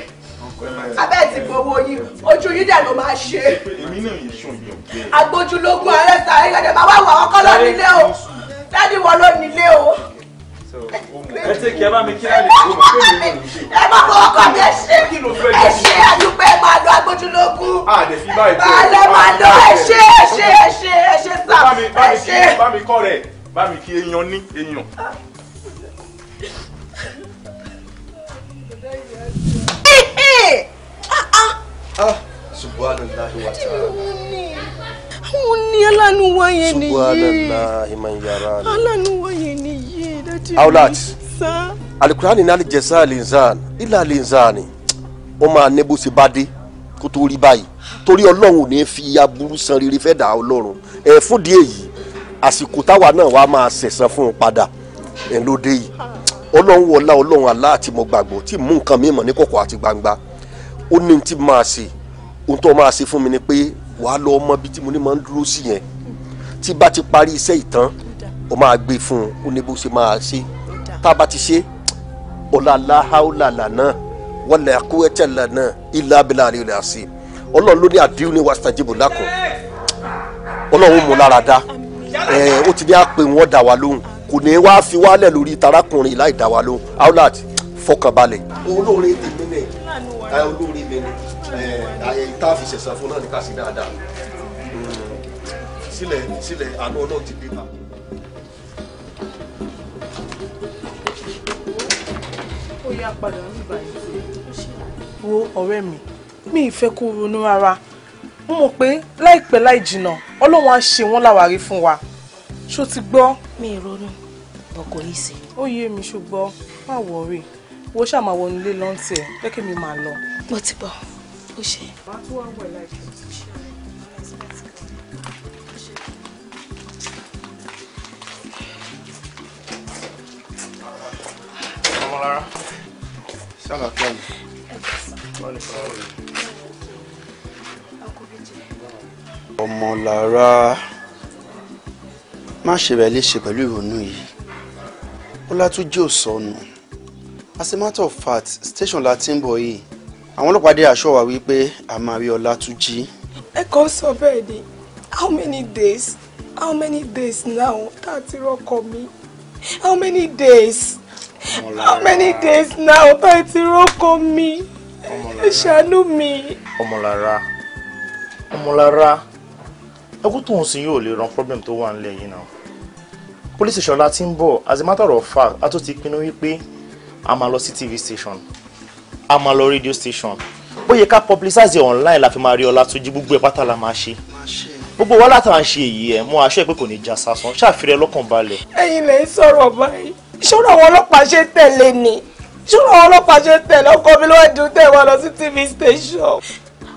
abẹ́ ti gbowó yín ojú yín dẹ̀ ló máa ṣe. èmi náà yẹn sùn yẹn bẹ́ẹ̀. agbójúlógún ààrẹ sàárè gẹ́gẹ́ máa wá wà ọkọ lọ nílé o dáàdì wọn ló nílé o. ẹ tẹ kí ẹ bá mi kí láti kó mọ pé mi ò ní ṣe. ẹ má fọwọ́ kọ mi ẹ ṣe ẹ ṣe àdúpẹ́ máa lọ agbójúlógún. àdè fi báyìí tó báyìí máa lọ ẹ ṣe ẹ ṣe ẹ ṣe ẹ ṣe sà ẹ ṣe. bá mi kọ́ rẹ̀ bá mi kí èèyàn ní èèyàn. ah subhanallahi wa ta'ala. àwọn ní aláàánú wa yẹn nìyí. subhanallahi man yarani. aláàánú wa yẹn nìyí dájú. aulat alikurani nali jẹsa linzan ila linzani ó máa nebo se bade, dé kó tó rí báyìí torí ọlọ́run ò ní fi aburú san rere fẹ́ dà ọlọ́run ẹ fún díẹ̀ yìí àsìkò táwa náà wàá máa ṣẹ̀san fún un padà ẹ̀ lóde yìí ọlọ́run wọlá ọlọ́run Allah tí mo gbàgbọ́ tí mú nǹkan mímọ̀ ní kọ̀kọ̀ àti gbangba ó ní ti máa ṣe ohun tó máa ṣe fún mi ni pé wàá lọ ọmọ bíi tí mo ní máa ń dúró sí yẹn tí bá ti parí iṣẹ́ ìtàn ó máa gbé fún un ó ní bó ṣe máa ṣe tá a bá ti ṣe ọ̀làlá haúlàlà náà wọlé akúwẹ́tẹ̀ lànà ilà abilà rẹ̀ rẹ̀ ọlọ́run ló ní àdéhùn ní wàsítàjìbò lákùn ọlọ́run mú lára dá ẹ ó ti ní àpè wọn dà wá lóhùn kò ní wá fi wálẹ̀ lórí tarakùnrin láì dá wa lóhùn aulat fọkànbalẹ̀. olóore tèmi nìyẹn olórí mi ni tá a fi ṣẹ̀sán fún náà ní ká sí dáadáa sílẹ̀ sílẹ̀ àánú ọlọ́run ti gbé bá. ó yá padà ní ìbàdí. wo ọ̀rẹ́ mi mi ì kó ronú rárá mo mọ̀ pé láìpẹ́ láì jìnnà ọlọ́run á ṣe wọ́n láwárí fún wa ṣó ti gbọ́. mi ì ronú bọ̀ kò ní í ó yé mi ṣùgbọ́n má wọ̀ọ́rì wo ṣáà máa wọnú ilé lọ́ntì ẹ̀ jẹ́ kí mi máa lọ. mo ti bọ̀ ó ṣe. wàá tó wá wọ̀ láìpẹ́. Ọmọlára má ṣe rẹ̀ léṣe pẹ̀lú ìrònú yìí. Ọlátúnjí ò sọnù as a matter of fact station Latin boy, ń bọ̀ yìí àwọn ọlọ́pàá dé aṣọ wa wípé a máa rí Ọlátúnjí. ẹ kàn sọ bẹ́ẹ̀ ni how many days how many days now tá a mi how many days how many days now tá a ti rọ́kọ mi ẹ ṣàánú mi. ọmọlára ọmọlára ẹkú tóun sì yóò lè ran problem tó wà nílẹ̀ yìí náà police station Latin ti as a matter of fact a tó ti pinnu wípé a máa tv station a máa radio station bóyá ká publicize online la fi máa rí Ọlátúnjí gbogbo ẹ̀ pátá la máa ṣe gbogbo wa látà ń ṣe èyí ẹ mú aṣọ ìpè kò ní já sásán ṣàfihàn lọ́kàn balẹ̀. ẹ̀yin lè ń sọ̀rọ̀ báyìí ṣọ́rọ̀ àwọn ọlọ́pàá ṣe tẹ̀lé ni ṣọ́rọ̀ àwọn ọlọ́pàá ṣe tẹ̀lé ọkọ mi ló wá dùn tẹ̀ wá lọ sí tv station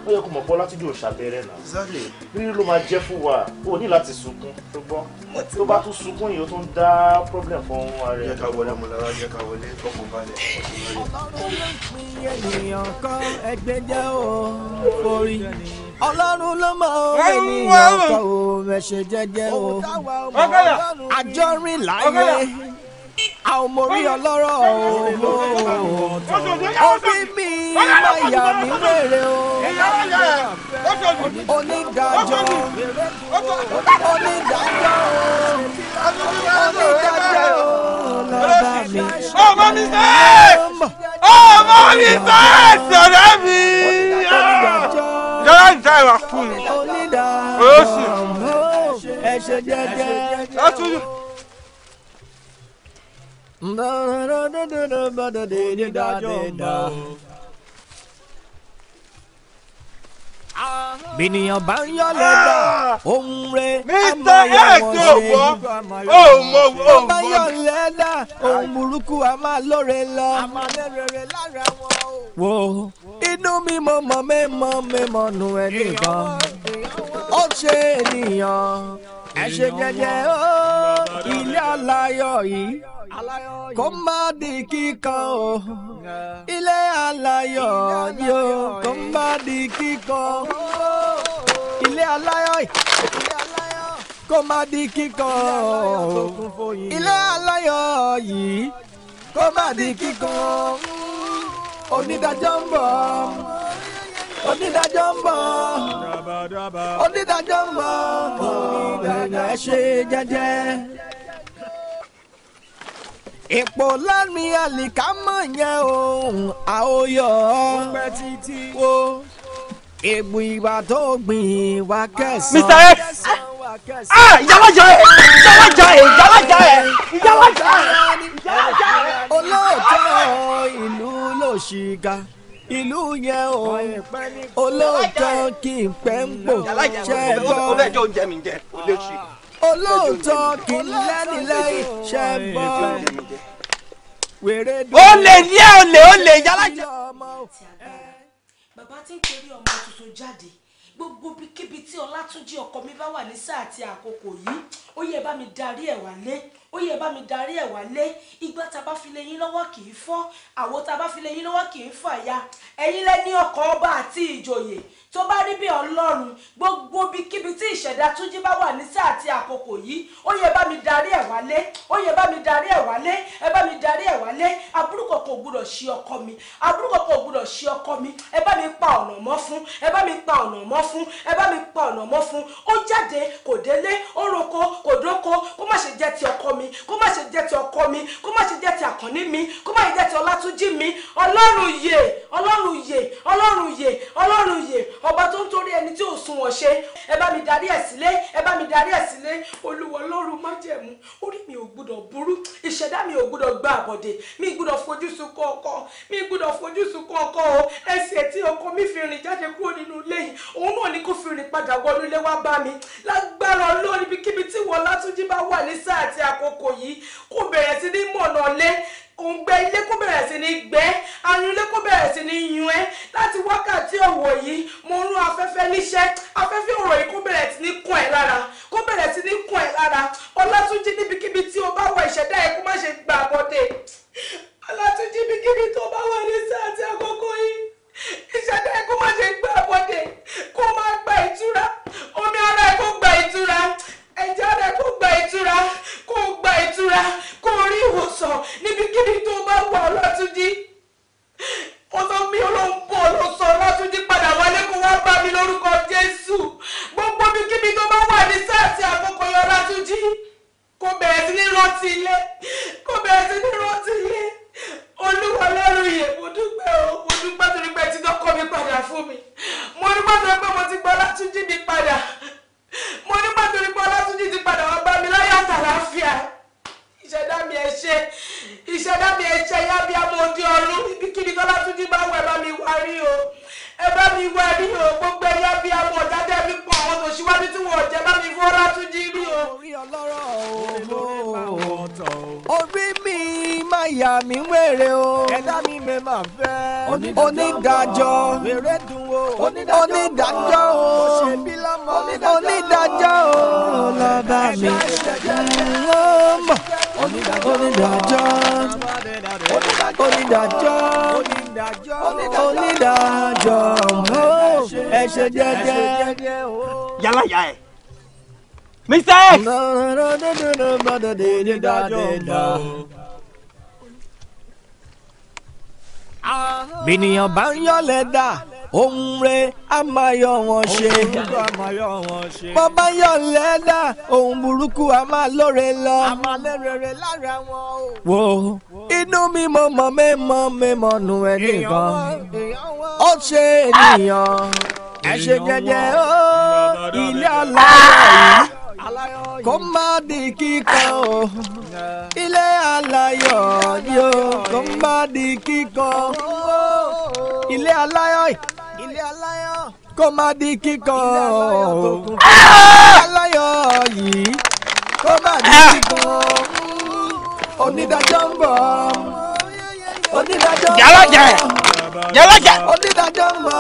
ó yẹ kó mọ̀ bọ́ láti jò ṣàbẹ̀rẹ̀ náà rírí ló máa jẹ́ fún wa ó ní láti sunkún ṣùgbọ́n tó bá tún sunkún yìí ó tún dá problem fún ara ẹ̀. jẹ́ ká wọlé mọ̀lára jẹ́ ká wọlé tọkùn balẹ̀. ọlọ́run ló mọ ènìyàn kan ò mẹ̀ṣẹ̀ o àjọrin a ò mórí ọlọ́rọ̀ o òbí mi máa yà mí lérè o onídàájọ́ onídàájọ́ onídàájọ́ lọ́ba mi. ọmọ mi sẹ́ ọmọ mi sẹ́ sọ̀rọ̀ mi. yọ̀rọ̀ ìjà ìwà fún mi. onídàájọ́ ẹ ṣe jẹ́jẹ́ bìnìyàn bá ń yọ lẹ́dà ah! ohun rẹ̀ amáyọ̀mọ̀ ṣe bó bá oh. yọ lẹ́dà ohun burúkú a máa lóore lọ. wo inú mi mọ̀ mọ̀ mẹ́mọ̀ mẹ́mọ̀ nù ẹ̀ nìkan ó ṣe ènìyàn ẹ ṣe jẹ́jẹ́ o ilé aláyọ̀ yìí kó má di kíkan o ilé aláyọ̀ yìí o kó má di kíkan ilé aláyọ̀ yìí kó má di kíkan o ilé aláyọ̀ yìí kó má di kíkan onídàájọ́ ń bọ̀ onídàájọ́ ń bọ̀ onídàájọ́ ń bọ̀ onídàájọ́ ẹ ṣe jẹ́jẹ́. Èpò lárin àlìkámọ̀ yẹn ohun àóyọ̀ wo ègbò ìwà tó gbìn wá kẹsàn-án. Mr X ìyálàjà ẹ ìyálàjà ẹ ìyálàjà ẹ ìyálàjà ẹ. olóòótọ́ ìlú ló ṣìgá ìlú yẹn o olóòótọ́ kì í pẹ́ ń pò ṣe é bọ́ olóòótọ́ kì í lẹ́ni lẹ́yìn ṣe é bọ́ o lè ní ẹ o lè o lè yálà jẹ. bàbá tí ń torí ọmọ tuntun jáde gbogbo bíkíbi tí ọlátúnjí ọkọ mi bá wà ní sáà àti àkókò yìí ó yẹ bá mi darí ẹ̀ wálé ó yẹ bá mi darí ẹ̀ wálé igbá tá a bá fi lé yín lọ́wọ́ kì í fọ́ àwo tá a bá fi lé yín lọ́wọ́ kì í fàya ẹ̀yin lẹ ní ọkọ ọba àti ìjòyè tó bá rí bí ọlọ́run gbogbo bíkíbi tí ìṣẹ̀dá túnjí bá wà ní sáà àti àkókò yìí ó yẹ bá mi darí ẹ̀ wálé ó yẹ bá mi darí ẹ̀ wálé ẹ bá mi darí ẹ̀ wálé aburú kọ̀ọ̀kan ò gbúdọ̀ ṣe ọkọ mi aburú kọ̀ọ̀kan gbúdọ̀ ṣe ọkọ mi ẹ bá mi pa ọ̀nà mọ́ fún ẹ bá mi pa ọ̀nà mọ́ fún ẹ bá mi pa ọ̀nà mọ́ fún ó jáde kò délé ó roko kò dóko kó má ṣe jẹ́ ti ọkọ mi kó má ṣe jẹ́ ti ọkọ mi kó má ṣe jẹ́ ti àkànní mi kó má ṣe jẹ́ ti ọlátúnjí mi ọlọ́run yè ọlọ́run yè ọlọ́run yè ọlọ́run yè ọba tó ń torí ẹni tí ò sun wọ̀n ṣe ẹ bá mi darí ẹ̀ sílé ẹ bá mi darí ẹ̀ sílé olúwa ọlọ́run má jẹ̀mú orí mi ò gbúdọ̀ burú ìṣẹ̀dá mi ò gbúdọ̀ gbá àbọ̀dé mi gbúdọ̀ fojú sunkún ọkọ mi gbúdọ̀ fojú sunkún ọkọ o ẹsẹ̀ tí ọkọ mi fi rìn jáde kúrò nínú ilé òun náà ní kó fi rìn padà wọnú ilé wá bá mi lágbára ọlọ́run ibikíbi tí wọ́n látúnjí bá wà ní sáà àti àkókò yìí kó bẹ̀rẹ̀ sí ní mọ̀nà lé òǹgbẹ ilé kó bẹ̀rẹ̀ sí ní gbẹ́ àrùn ilé kó bẹ̀rẹ̀ sí ní yun ẹ́ láti wákàtí ọ̀wọ̀ yìí mo rún afẹ́fẹ́ níṣẹ́ afẹ́fẹ́ ọ̀rọ̀ yìí kó bẹ̀rẹ̀ sí ní kún ẹ̀ lára kó bẹ̀rẹ̀ sí ní kún ẹ̀ lára ọlátúnjí níbikíbi tí o bá wọ ìṣẹ̀dá ẹ̀ kó má ṣe gbà bọ́dẹ̀ ọlátúnjí níbikíbi tó bá wọ ní sáà àti àkókò yìí ìṣẹ̀dá ẹ̀ kó má ṣe gbé àbọ̀dé kó má gba ìtura omi ara ẹ̀ kó gba ìtura ẹ̀jẹ̀ ara ẹ̀ kó gba ìtura kó gba ìtura kó rí ìwòsàn níbikíbi tó bá wà Ọlátúnjí ó sọ mí olóńgbò ló sọ Ọlátúnjí padà wálé kó wá bá mi lórúkọ Jésù gbogbo bíkíbi tó bá wà ní sáà tí àkókò yọ Ọlátúnjí kó bẹ̀rẹ̀ sí ní rántí ilé kó bẹ̀rẹ̀ sí ní rántí ilé. onídàájọ́ onídàájọ́ onídàájọ́ lọ́ba mi mọ̀ onídàájọ́ onídàájọ́ onídàájọ́ mọ̀ ẹ ṣe jẹ́jẹ́. yálà yá ẹ. mr x. onídàájọ́ mọ̀. bìnìyàn bá ń yọ lẹ́dà ohun rẹ̀ á máa yọ wọn ṣe bọ́ bá yọ lẹ́dà ohun burúkú á máa lóore lọ. wo inú mi mọ mọ mẹ́mọ mẹ́mọ nu ẹni kan ó ṣe ènìyàn ẹ ṣe jẹ́jẹ́ o ilé aláyọ̀ yìí kó má di kíkọ́ o ilé aláyọ̀ yó kó má di kíkọ́ ilé aláyọ̀ ilé aláyọ̀ kó má di kíkọ́ o aláyọ̀ yìí kó má di kíkọ́ onídàájọ́ ń bọ̀ onídàájọ́ ń bọ̀ jalaja jalaja onídàájọ́ ń bọ̀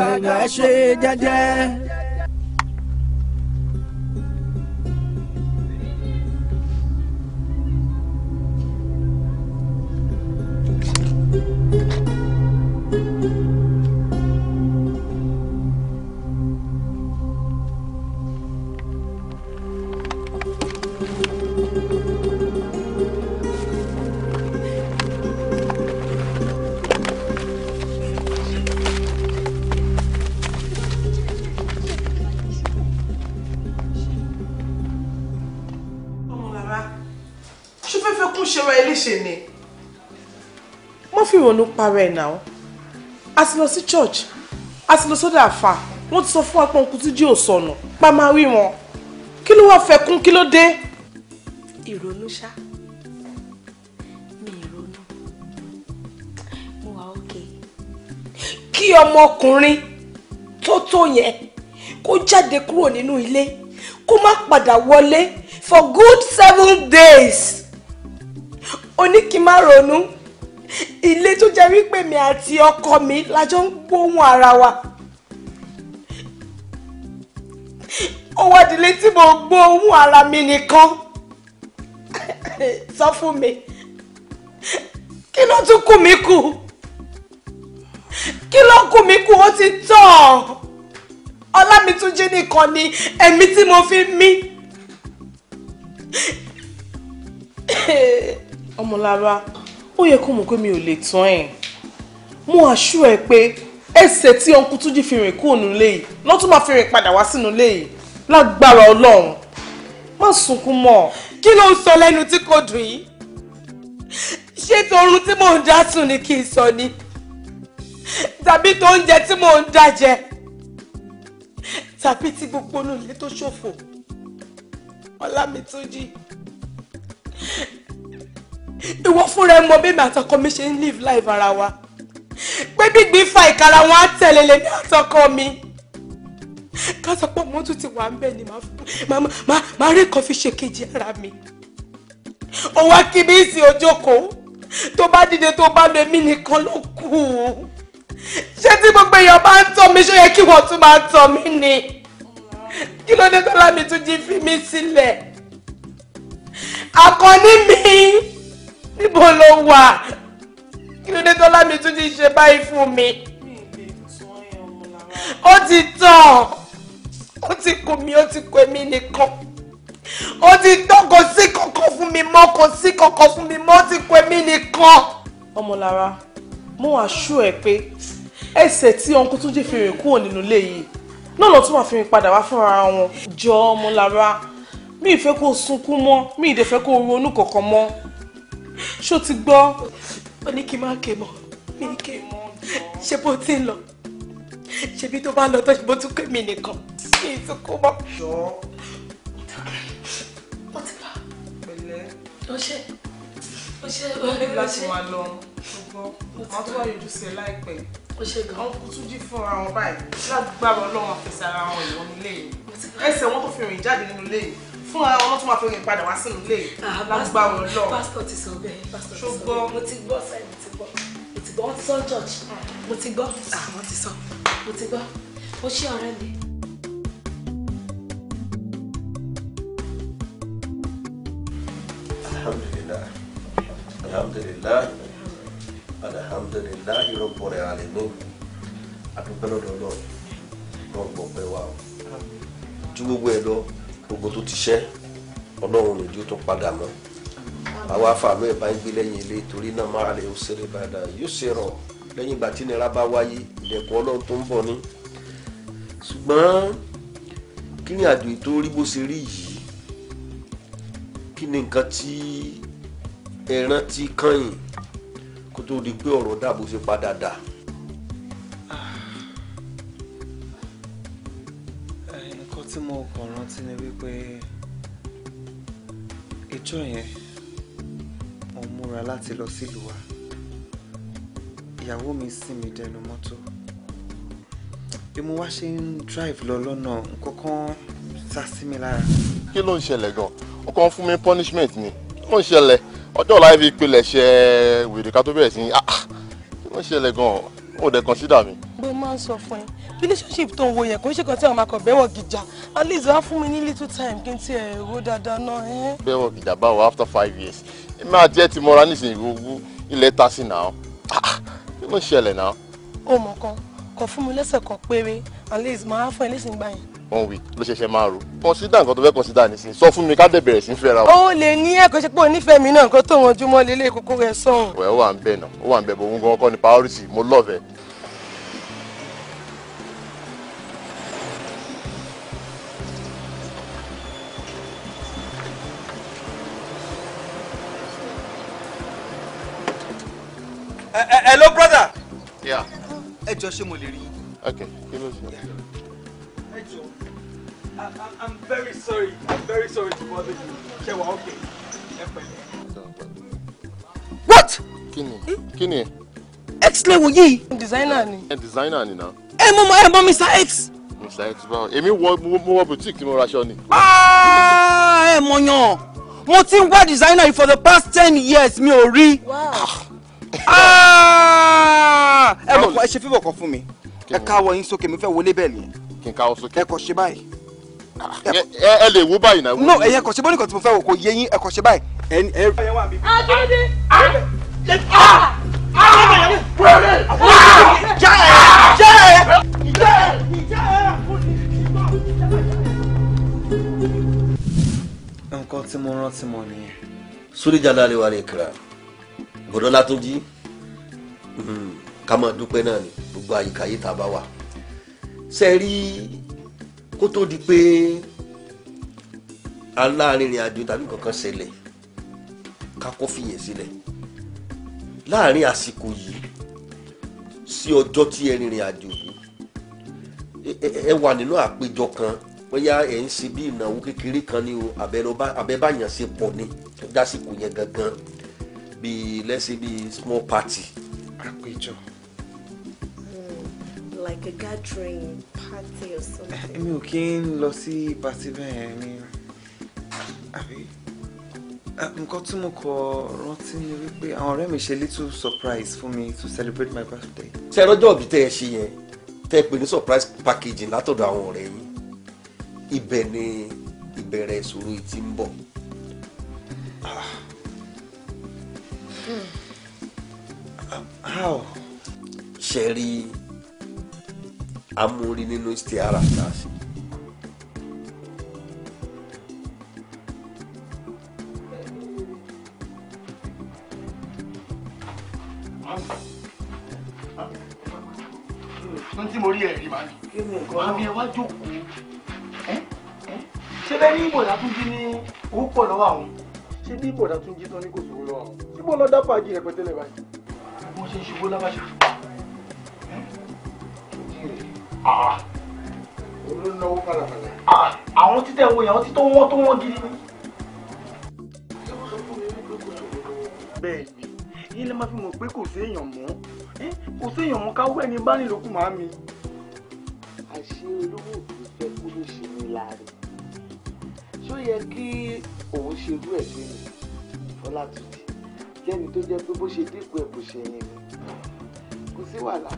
onídàájọ́ ṣe jẹ́jẹ́. ṣera ẹ léṣe ni mo fi ìrònú para ẹ̀ náà a ti lọ sí church a ti lọ sódà àfà wọ́n ti sọ fún wa pé jí ò sọnù pa máa rí wọn kí ló wá fẹ́ kún kí ló dé. ìrònú ṣá mi ìrònú mo wà òkè kí ọmọkùnrin tó tó yẹn kó jáde kúrò nínú ilé kó má padà wọlé for good seven days ó ní kí n má ronú ilé tó jẹ́ wípé mi àti ọkọ mi lájọ ń gbóhùn ara wa ó wá dilé tí mo gbóhùn ara mi nìkan sọ fún mi kí ló tún kù mí kù kí ló kù mí kù ó ti tàn Ọlámìtúnjí nìkan ni ẹ̀mí tí mo fi mí ọmọlára ó yẹ kó mọ̀ pé mi ò lè tán ẹ̀ mo àṣù ẹ̀ pé ẹsẹ̀ tí ọkùn tún jí fi rìn kúrò nílé yìí ló tún máa fi rìn padà wá sínú ilé yìí lágbára ọlọ́run má sunkún mọ́. kí ló ń sọ lẹ́nu tí kò dùn yìí ṣé torun tí mò ń dá sùn ni kì í sọ ni tàbí tó oúnjẹ tí mò ń dá jẹ tàbí tí gbogbo onú tó ṣòfò ọlámìtúnjì ìwọ fúnra ẹ mọ bẹ́ẹ̀mi àtọkọ mi ṣe ń live life ara wa pé gbígbín fa ìkara wọn á tẹ̀lé lèmi àtọkọ mi ká sọ pé ọmọ tún ti wà ń bẹ̀ ni màá rí kan fi ṣe kejì ara mi òun akíbíyèsí ojókòó tó bá dìde tó bá lo èmi nìkan ló kù ṣé tí gbogbo èèyàn bá ń tọ́ mi ṣó yẹ kí wọ́n tún máa tọ́ mi ni kí ló dé tó lámì tún jí fi mí sílẹ̀ àkànní mi níbo ló wà kí ló dé tọ́lá mi tún ti ṣe báyìí fún mi. ó ti tàn ó ti kù mí ó ti kù èmi nìkan ó ti tàn kò sí kankan fún mi mọ́ kò sí kankan fún mi mọ́ ó ti kù èmi nìkan. ọmọlára mo assure ẹ pé ẹsẹ̀ tí ọkùn tún jẹ́ fèrè kúrò nínú ilé yìí náà lọ́ọ́ tún máa fi mi padà wá fúnra wọn jọ ọmọlára mi ì fẹ́ kó sunkún mọ́ mi ì dẹ̀ fẹ́ kó ronú kankan mọ́ ṣó ti gbọ́ ó ní kí n ké mọ́ mi ní ké mọ́ ṣé bó ti ń lọ ṣebí tó bá lọ tó ṣe bó tún ké mi nìkan mi ì tún kó mọ́. jọ ó ti bá pẹ̀lẹ́ ó ṣe ó ṣe ó ṣe láti máa lọ gbọ́ wọn tó wà yọjú sí ẹ láìpẹ́ àwọn kùtù jí fún ara wọn báyìí lágbára Ọlọ́run àfẹsẹ̀ ara wọn ìwọ nílé yìí ẹsẹ̀ wọn tó fi rìn jáde nínú ilé yìí fún àwọn ọmọ tó máa fi oyin padà wá sínú ilé yìí lágbá wọn lọ. pásítọ̀ ti sọ bẹ́ẹ̀ pásítọ̀ ti sọ bẹ́ẹ̀ mo ti gbọ́ sẹ́yìn mo ti gbọ́ mo ti gbọ́ wọ́n ti sọ church mo ti gbọ́ àwọn ah, ti sọ mo ti gbọ́ ó ṣe ọ̀rẹ́ mi. alhamdulillah alhamdulillah alhamdulillah rabbil alamin adúpẹ́ lọ́dọ̀ Ọlọ́run lọ́gbọ̀pẹ́ wa ju gbogbo ẹ̀ lọ gbogbo tó ti ṣẹ́ ọlọ́run lòdì ó tún padà mọ́ àwa fàánú ẹ̀ bá ń gbé lẹ́yìn ilé torí náà máa lè ṣeré padà yóò ṣe rọ̀ lẹ́yìn ìgbà tí ìnira bá wáyé ìdẹ̀kùn ọlọ́run tó ń bọ̀ ni ṣùgbọ́n kí ni àjò ètò orí bó ṣe rí yìí kí ni nǹkan tí ẹran ti kàn kó tó di pé ọ̀rọ̀ dà ṣe padà dà. tí mo kàn rántí ni wípé ìjọ yẹn mo múra láti lọ sílùú wa ìyàwó mi sìn mí dẹnu mọ́tò bí mo wá ṣe ń drive lọ lọ́nà nǹkankan sá sí mi lára. kí ló ń ṣẹlẹ̀ gan ó kàn fún mi punishment ni kí ń ṣẹlẹ̀ ọjọ́ ọ̀la ibi ìpìlẹ̀ ṣe wèrè ká tó bẹ̀rẹ̀ sí ah, ah kí ló ń ṣẹlẹ̀ gan ó dẹ̀ consider mi. bó máa ń sọ fún ẹ relationship tó ń wo yẹn kò ń ṣe kan tí àwọn akọ bẹ́wọ̀ gìjà at least wàá fún mi ní little time kí n ti ẹ̀ ro dáadáa náà. Eh? bẹ́wọ̀ gìjà báwo after five years èmi àti ẹ ti mọra nísìnyí gbogbo ilẹ̀ ta sí náà ah, ah, kí ló ń ṣẹlẹ̀ náà. ó mọ kan kò fún mi lẹ́sẹ̀ kan péré at least màá fún ẹ lẹ́sìn gbà yẹn one week ló ṣẹ̀ṣẹ̀ máa ro consider nǹkan tó fẹ́ consider nísìnyí sọ fún mi ká dẹ̀ bẹ̀rẹ̀ sí fẹ́ra o. ó lè ní ẹ̀kọ́ ṣe pé onífẹ̀ẹ́ mi náà nǹkan tó wọn jùmọ̀ lélẹ̀ kókó rẹ̀ sọ̀hún. wẹ́ẹ́ wà ń bẹ̀ náà wà ń bẹ̀ bọ̀ òun gan-an kọ́ ni priority mo love ẹ Eh, eh, hello brother. ẹ jọ ṣé mo lè rí. okay kí ló ṣe. ẹ jọ i'm very sorry i'm very sorry to bother you ṣe wa okay ẹ pẹ̀lẹ́. what. kí ni x lè wò yìí. designer ni. ẹ designer ni na. ẹ mọ ẹ mọ mr x musa X, ti bá èmi wọ mo wọ boutique tí mo raṣọ ni. Ah, ẹ mọ̀ yàn mo ti ń wá designer yìí for the past ten years mi ò rí. Ah. Ah! ẹ mọ̀ ẹ ṣe fíbọ̀ kan fún mi ẹ káwọ́ yín sókè mi fẹ́ wọlé bẹ́ẹ̀ ni kí n káwọ́ sókè ẹ ah, kò ṣe báyìí. ẹ lè wo báyìí náà. no ẹ̀yẹ kò ṣe bọ́ọ̀lù kan tí mo fẹ́ wò kò yé yín ẹ kò ṣe báyìí. akíndé jẹ́ ẹ̀ jẹ́ ẹ̀ jẹ́ ẹ̀ nǹkan tí mo rántí mọ nìyẹn. sórí jàdá lè wà lè kíra bọ̀dọ̀ látúnjí ká máa dúpẹ́ náà ni gbogbo àyíká yìí tá a bá wà ṣe rí kó tó di pé aláàrìnrìn àjò tàbí kankan ṣẹlẹ̀ ká kó fìyẹn sílẹ̀ láàrin àsìkò yìí sí ọjọ́ tí ẹ rìnrìn àjò yìí ẹ wà nínú àpéjọ kan bóyá ẹ ń ṣe bí ìnáwó kékeré kan ni o àbẹ̀báyàn ṣe pọ̀ ni dásìkò yẹn gangan Be let's say be small party. àpéjọ. Mm, like a gathering party or something. èmi ò kí ń lọ sí party bẹ́ẹ̀ ni àbí nǹkan tí mo kọ rántí ni wípé àwọn ọ̀rẹ́ mi ṣe little surprise fún mi to celebrate my birthday. ṣe lọ́jọ́ òbí tẹ́ ẹ ṣe yẹn tẹ́ ẹ pè ní surprise package. látọ̀dọ̀ àwọn ọ̀rẹ́ yín ibẹ̀ ni ìbẹ̀rẹ̀ ìṣòro yìí ti ń bọ̀. Ah. how ṣe rí amúrí nínú stiara tá a ṣe. n tí mo rí ẹ̀rí màá ní màá mi ẹ wá jókòó ṣé bẹ́ẹ̀ ní ìbò ìdátúnjí ní owó pọ̀ lọ́wọ́ àwọn ṣé bí ìbò ìdátúnjí tán ní kò sówó lọ́wọ́ àwọn ṣé bó lọ́ọ́ rẹpẹtẹ lẹ́bàá yìí ṣe ń ṣubú lábàṣà olóńnáwó pàlàpàlà. àwọn títẹ̀ wo yẹn àwọn títọ́ wọ́n tó wọ́n gidi ni. bẹ́ẹ̀ ni lè má fi mọ̀ pé kò séèyàn mọ́ kò séèyàn mọ́ ká wẹ́ ni bá nílò máa mi. àṣé olówó òfin fẹ́ kó ló ṣe ní láre ṣó yẹ kí òun ṣerú ẹ̀ sí mi fọlá tuntun jẹ́ni tó jẹ́ pé bó ṣe dínkù ẹ̀ kò ṣẹ̀yìn mi kò sí wàhálà.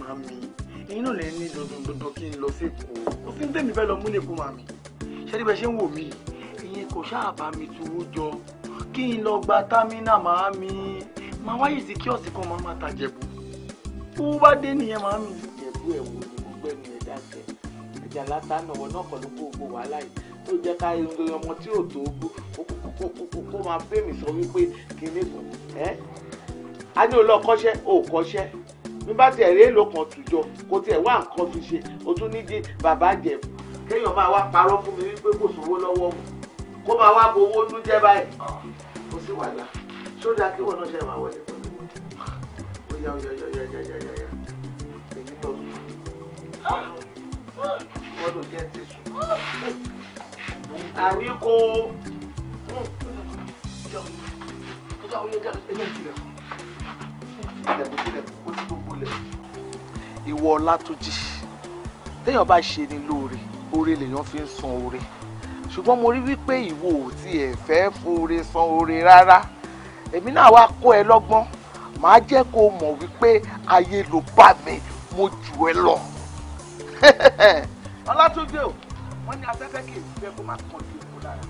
màmí hmm. ẹ̀yin náà lè ní dandan dandan kí n lọ sí èkó kò sí ní tèmi fẹ́ lọ mú lè kó màmí ṣẹ́ni bẹ́ẹ̀ ṣe ń wò mí ìyẹn kò ṣáà bá mi tuwó jọ kí n lọ gba támínà màmí màá wáyé sí kíọ̀sì kan màá máa tàjẹ̀bù kó bá dé nìyẹn màmí. ẹ̀bú ẹ̀ wo ni mo gbẹ́ ni ẹ̀ dáṣẹ́ ẹ̀jà látàánà wọn náà kọ́ ló gbogbo wàhálà yìí tó jẹ́ ká irun ọmọ tí ò tó kó máa bẹ́ẹ̀ mi sọ wípé kinní kan ẹ́ á ní olóòkọ́ṣẹ́ òòkọ́ṣẹ́ bí bá tiẹ̀ rí èlò kan tùjọ kò tiẹ̀ wá nǹkan fi ṣe o tún ní di bàbá jẹ̀bù kéèyàn máa wá parọ́ fún mi wípé kò sówó lọ́wọ́ mu kó máa wá gbowó nú jẹ́ báyìí kò ah, sí wàhálà sódà kí wọn náà ṣe máa wọlé pẹ̀lú wọn ó yá ó yá yá yá yá yá èyí tó kù wọn lò jẹ́ tẹ̀sù àní kò jọ ó yá ó yá yá yá yá yá lójú gbogbo lẹ̀ ìwọ ọlátúnjì téèyàn bá ṣe ni lóore oore lèèyàn fi ń san oore ṣùgbọ́n mo rí wípé ìwọ ò tiẹ̀ fẹ́ foore san oore rárá èmi náà wá kó ẹ lọ́gbọ́n màá jẹ́ kó o mọ̀ wípé ayé ló bá mi mo jù ẹ lọ. *laughs* ọlátúnjì o wọ́n ní afẹ́fẹ́ kì í fẹ́ kó má kàn bí èkó lára.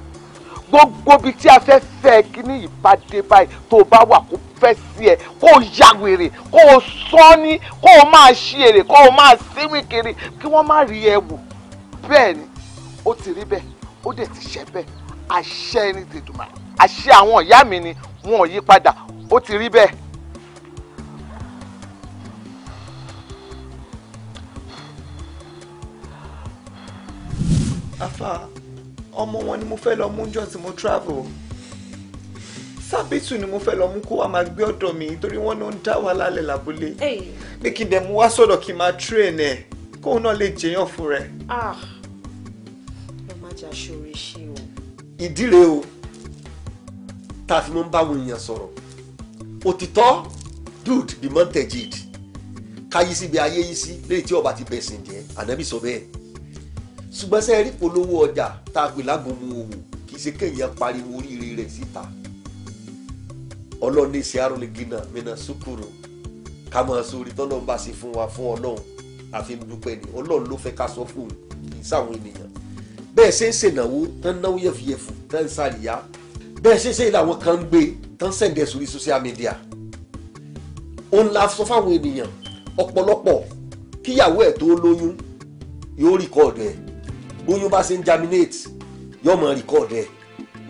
gbogbo ibi tí afẹ́fẹ́ kíní ìpàdé báyìí tó o bá wà kó fẹ́ sí ẹ kó o ya wèrè kó o sọ́ni kó o máa ṣí èrè kó o máa síwìn kiri kí wọ́n má rí ẹ wò bẹ́ẹ̀ ni ó ti rí bẹ́ẹ̀ ó dẹ̀ ti ṣẹ bẹ́ẹ̀ àṣẹ ẹni tètùmá àṣẹ àwọn ìyá mi ni wọn ò yí padà ó ti rí bẹ́ẹ̀. afa ọmọ wọn ni mo fẹ́ lọ mú jọ tí mo travel sábẹ́tù ni mo fẹ́ lọ mú kó wá máa gbé ọ̀dọ̀ mi torí wọ́n ló ń dá wa lálẹ́ lábúlé ní kí n dẹ̀ mú wá sọ̀dọ̀ kí n máa train ẹ̀ kóun náà lè jẹyàn fún rẹ̀. Ah. ló má jà sórí ṣe o. ìdí rèé o tá a fi máa ń báwo èèyàn sọ̀rọ̀ òtítọ́ dude the montagid káyí síbi ayé yìí sí lẹ́yìn tí ọba ti bẹ̀sìn jẹ́ ànábì sọ bẹ́ẹ̀ ṣùgbọ́n sẹ́ẹ̀rí polówó ọjà tá a pè lágbo mu òwò kì í ṣe kéèyàn pariwo oríire rẹ̀ síta. Si ọlọ́ọ̀ni ṣe àròlé gínà mìíràn sùkúrù ká máa sórí tọ́lọ́ ń bá ṣe fún wa fún ọlọ́run àfi dúpẹ́ ni ọlọ́run ló fẹ́ ká sọ fún sáwọn ènìyàn bẹ́ẹ̀ ṣe ń ṣènáwó tán náwó yẹ̀fùyẹ̀fù tán ń ṣàríyá bẹ́ẹ̀ ṣe ń ṣe làwọn kan ń gbé tán sẹ̀dẹ̀ sórí social media òun la sọ fáwọn ènìyàn ọ̀pọ̀lọpọ̀ kíyàwó ẹ̀ tó lóyún yóò rìkọ́ọ̀dù ẹ̀ bóyún bá ṣe ń germinate yóò mọ̀ rìkọ́ọ̀dù ẹ̀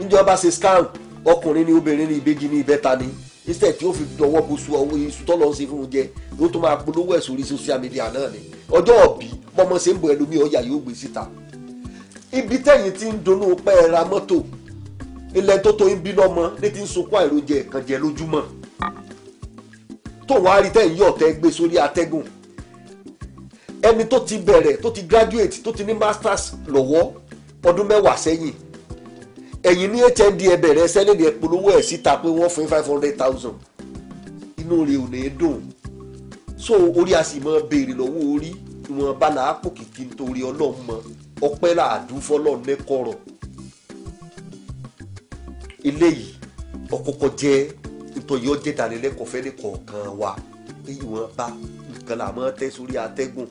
níjọba ṣe scan ọkùnrin ni obìnrin ni ìbejì ni ìbẹ́ta ni instead tí ó fi dọwọ́ bo su ọwọ́ iṣu tọ́lọ́ ń ṣe fún un jẹ ló tún máa polówó ẹ̀sùn orí social media náà ni ọjọ́ ọ̀bí bọ́mọ ṣe ń bọ̀ ẹlòmíì ọ̀yà yóò gbé síta ibi tẹ́yìn ti ń dunnú pẹ́ ẹ ra mọ́tò ilẹ̀ tó tó ń bí lọ́mọ ní ti ń sunkún àìrójẹ ìkànjẹ lójúmọ́ tóun á rí tẹ́yìn yọ̀ tẹ́ gbé sórí atẹ́gùn ẹni tó ti bẹ̀rẹ̀ tó ti graduate tó ti ní masters lọ́wọ́ ọdún mẹ́wàá sẹ́yìn ẹ̀yin ní hnd ẹ bẹ̀rẹ̀ sẹ́lẹ̀dì ẹ polówó ẹ̀ síta pé wọ́n fún five hundred thousand inú rẹ̀ ò ní dùn so orí a sì mọ béèrè lọ́wọ́ orí ìwọ̀n bá là á pò kìkì nítorí ọlọ́run mọ ọpẹ́ là á dún fọlọ́ nẹ́kọ̀rọ̀ eléyìí ọkọ̀kọ̀ jẹ́ nítorí ọjẹ́ ìdánilẹ́kọ̀ọ́ fẹ́ ní kọ̀ọ̀kan wa pé ìwọ̀n bá nǹkan là máa tẹ́ sórí atẹ́gùn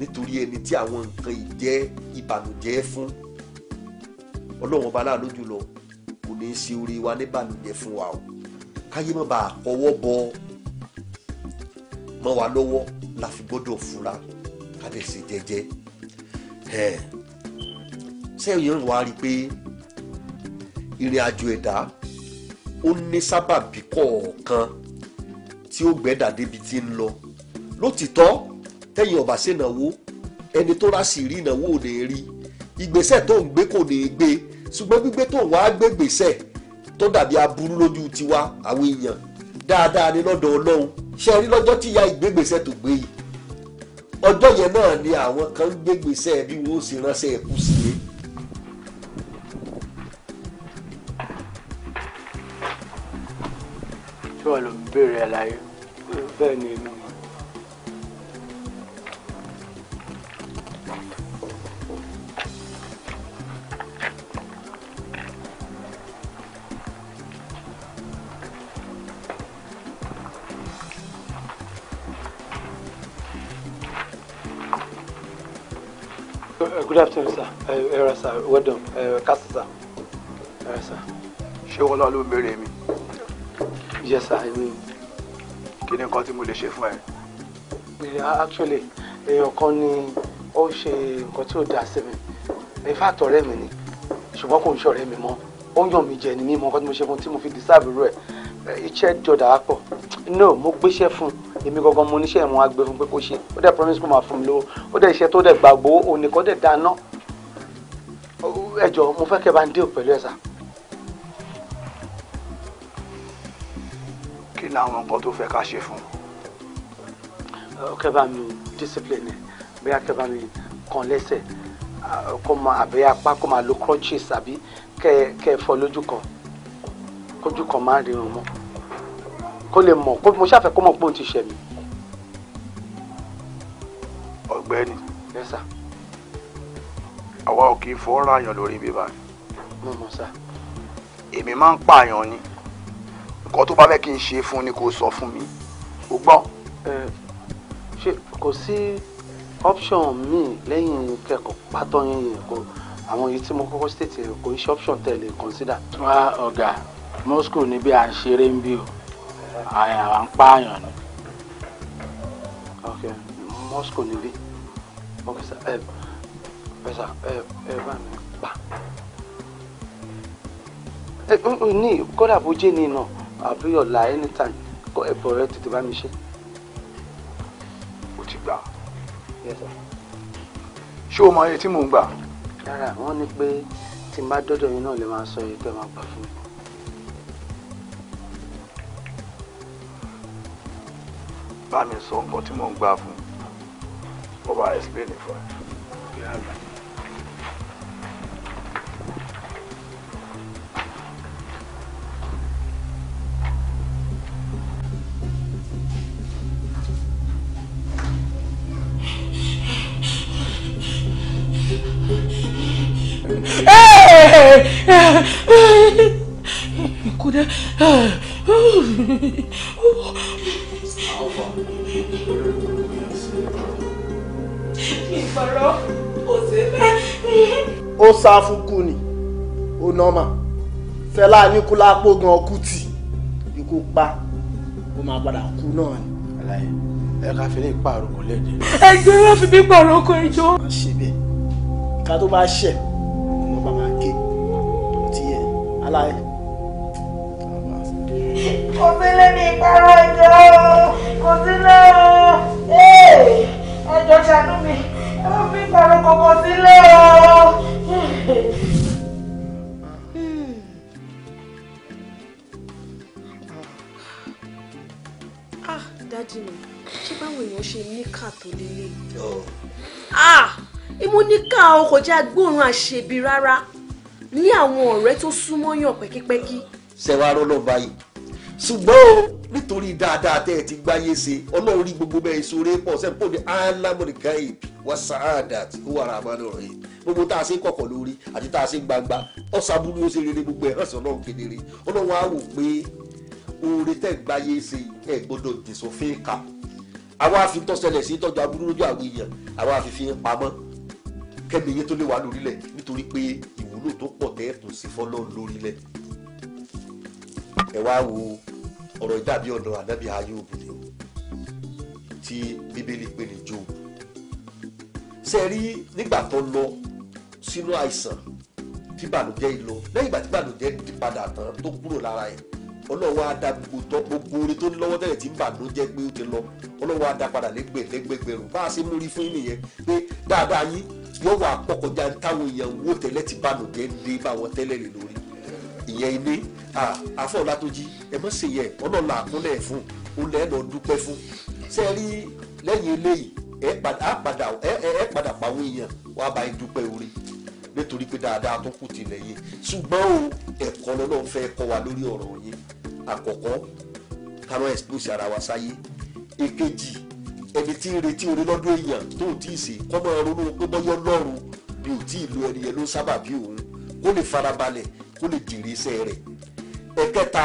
nítorí ẹni tí àwọn nǹkan ìjẹ́ ọlọ́run ọba aláàánú jùlọ kò ní í ṣe orí wa níbànújẹ́ fún wa o káyé má bàa kọwọ́ bọ mọ́ wa lọ́wọ́ la fi gbọ́dọ̀ fura ká lè ṣe jẹ́jẹ́ sẹ́yìn wa rí i pé ìrìn àjò ẹ̀dá ó ní sábàbí kọ̀ọ̀kan tí ó gbẹ́dà débi tí ń lọ lótìtọ́ tẹ̀yìn ọ̀bà ṣènáwó ẹni tó rásì rí ìnáwó ò ní rí ìgbésẹ̀ tó ń gbé kò ní gbé ṣùgbọ́n gbígbé tó wá gbégbèsè tó dàbí aburú lójú tiwa àwọn èèyàn dáadáa ni lọ́dọ̀ ọlọ́run ṣe rí lọ́jọ́ tí ìyá ìgbégbèsè tó gbé yìí ọjọ́ yẹn náà ni àwọn kan gbégbèsè bí wọ́n ó sì ránṣẹ́ ẹ̀kú sí i. ṣé wàá lọ bèrè àlàyé bẹ́ẹ̀ ni èmi Uh, good afternoon sir ẹ uh, rẹ uh, sir well done ẹ kásì sir ẹ sir. ṣé wọn náà ló béèrè mi. yes sir i mean. kí ni nǹkan tí mo lè ṣe fún ẹ. actually èèyàn kan ni ó ṣe nǹkan tí ò dáa sí mi in fact ọ̀rẹ́ mi ni ṣùgbọ́n kò ń ṣọ̀rẹ́ mi mọ́ ó ń yàn mí jẹ ni mímọ́ nǹkan tí mo ṣe fún tí mo fi deserve rẹ̀ iṣẹ́ jọ̀dá pọ̀ no mo gbéṣẹ́ fún un èmi gangan mo níṣẹ́ ìwọ̀n agbè fún pé kó ṣe ó dẹ̀ promise kó máa fún mi lówó ó dẹ̀ iṣẹ́ tó dẹ̀ gbàgbó òníkan dẹ̀ dáná ẹjọ́ mo fẹ́ kẹ́ bá ń dé pẹ̀lú ẹ̀ sà. kí ni àwọn nǹkan tó fẹ́ ká ṣe fún. ọkẹ́ bá mi discipline bí akẹ́ bá mi kàn lẹ́sẹ̀ kó máa àbẹ́ apá kó máa lo crutches àbí kẹ́ kẹ́ fọ́ lójú kan kójú kan máa rí wọn mọ́ kó lè mọ̀ kó mo ṣàfẹ́ kó mọ̀ pé òun ti ṣẹ̀ mí. ọ̀gbẹ́ni. yes sir. àwa ò kì í fọ́ ráàyàn lórí bíbá ni. mo mọ̀ sá. èmi máa ń pààyàn ni nǹkan tó bá fẹ́ kí n ṣe fún ni kó sọ fún mi o gbọ́. ṣe kò sí option míì lẹ́yìn kẹ́kọ̀ọ́ pátọ́ yẹn yẹn kó àwọn èyí tí mo kọ́kọ́ state kò ń ṣe option tẹ̀lé consider. wá ọ̀gá moscow ní bí à ṣeré ń bí o àyà ń pààyàn ni ok moscow níbí ok sir ẹ ẹ sir ẹ ẹ bá mi pa ẹ ní kódà bó jẹ́ ni nà àbí ọ̀la anytime kó ẹ̀bọ̀ rẹ tètè bá mi ṣe. o ti gbà. yes sir. ṣé o mọ iye tí mò ń gbà. rárá wọn ní pé tí n bá dọdọ yín náà lè máa sọ iye tó máa gbà fún mi. bá mi sọ nǹkan tí mò ń gbà fún ọ bá explain it fún ẹ. Kódà ọba olórí burúkú yẹn sí ìpàrọ̀ ó sá fún kú ni ó nọ́mà fẹlá níkúlápó gan ọkú tì ikú pa ó máa padà kú náà ni. aláyé ẹ ká fi ní ìpààrọ̀ kò léde. ẹgbẹ́ wọn fi mí pààrọ̀ ọkọ̀ ẹjọ́. má ṣe bẹ́ẹ̀ ìka tó bá ṣẹ̀ ọmọ bàbá ké ti yẹ aláyé. òṣèlè ní ìpààrọ̀ ẹjọ́ kò sílẹ̀ o ẹjọ́ ṣàánú mi ẹ má fi pàrọ̀ kòkò sílẹ̀ o. Hmm. Ah, dájú mi ṣé báwọn èèyàn ṣe níkà tó lélẹ̀ ah, ìmú níkà o kò jẹ́ agbóòrùn àṣebí rárá ní àwọn ọ̀rẹ́ tó súnmọ́ yàn pẹ́kípẹ́kí. ṣé wàá rọ́ ló báyìí ṣùgbọ́n o nítorí dáadáa tẹ́ ẹ ti gbáyé ṣe ọlọ́run rí gbogbo bẹ́ẹ̀ sórí pọ̀ sẹ́ni pòdì alámọ̀nìkáyè wà sáàdà tí ó wà rà máa lọ́rọ̀ yìí gbogbo tá a ṣe kọ̀kọ̀ lórí àti tá a ṣe gbangba ọ̀sàbùrú ó ṣe rere gbogbo ẹ̀ ránṣẹ́ ọlọ́run kedere ọlọ́run á wò pé oore tẹ́ gbáyé ṣe ẹ̀ gbọ́dọ̀ dìsọ̀fín kà àwa àfi tọ́sẹ̀lẹ̀ sí tọ́jú aburú lójú àwọn ẹ wá wo ọ̀rọ̀ ìdàbí ọ̀dọ̀ ànábì ayọ́bù ni o tí bíbélì pè ní Jóòbù ṣe rí nígbà tó lọ sínú àìsàn tí bànújẹ́ yìí lọ lẹ́yìn ìgbà tí bànújẹ́ di padà tán tó kúrò lára ẹ̀ ọlọ́wọ́ ada gbogbo tọ́ gbogbo orin tó ní lọ́wọ́ tẹ́lẹ̀ tí ń bànújẹ́ pé ó ti lọ ọlọ́wọ́ ada padà lẹ́gbẹ̀ lẹ́gbẹ̀gbẹ̀rún bá a ṣe múrí fún yín nìyẹn pé dáadáa yín yọ̀wọ̀ àpọ̀kọjá táwọn èèyàn wò tẹ́lẹ̀ tí bànújẹ́ lé báwọn tẹ́lẹ̀ lè lórí ìyẹn ilé àfọ̀lá tó jí ẹ mọ̀ sí yẹ ọlọ́la àkúnlẹ̀ fún olè ẹ lọ dúpẹ́ fún ṣe rí lẹ́yìn eléyìí ẹ padà ẹ padà pàwọn èèyàn wàá bá ẹ dúpẹ́ orí nítorí pé dáadáa tó kù tilẹ̀ yìí ṣùgbọ́n o ẹ̀kọ́ lọ́lọ́ fẹ́ kọ́ wa lórí ọ̀rọ̀ yìí àkọ́kọ́ ká má expose ara wa sáyé èkejì ẹni tí ń retí orí lọ́dún èèyàn tó ò tí ì ṣe kọ́ máa ronú pé bọ́yọ́ lọ́rùn bí ò tí ì lo ẹni yẹn ló sábà bí òun kó lè farabalẹ̀ kó lè jèrè iṣẹ́ rẹ̀ ẹ̀kẹta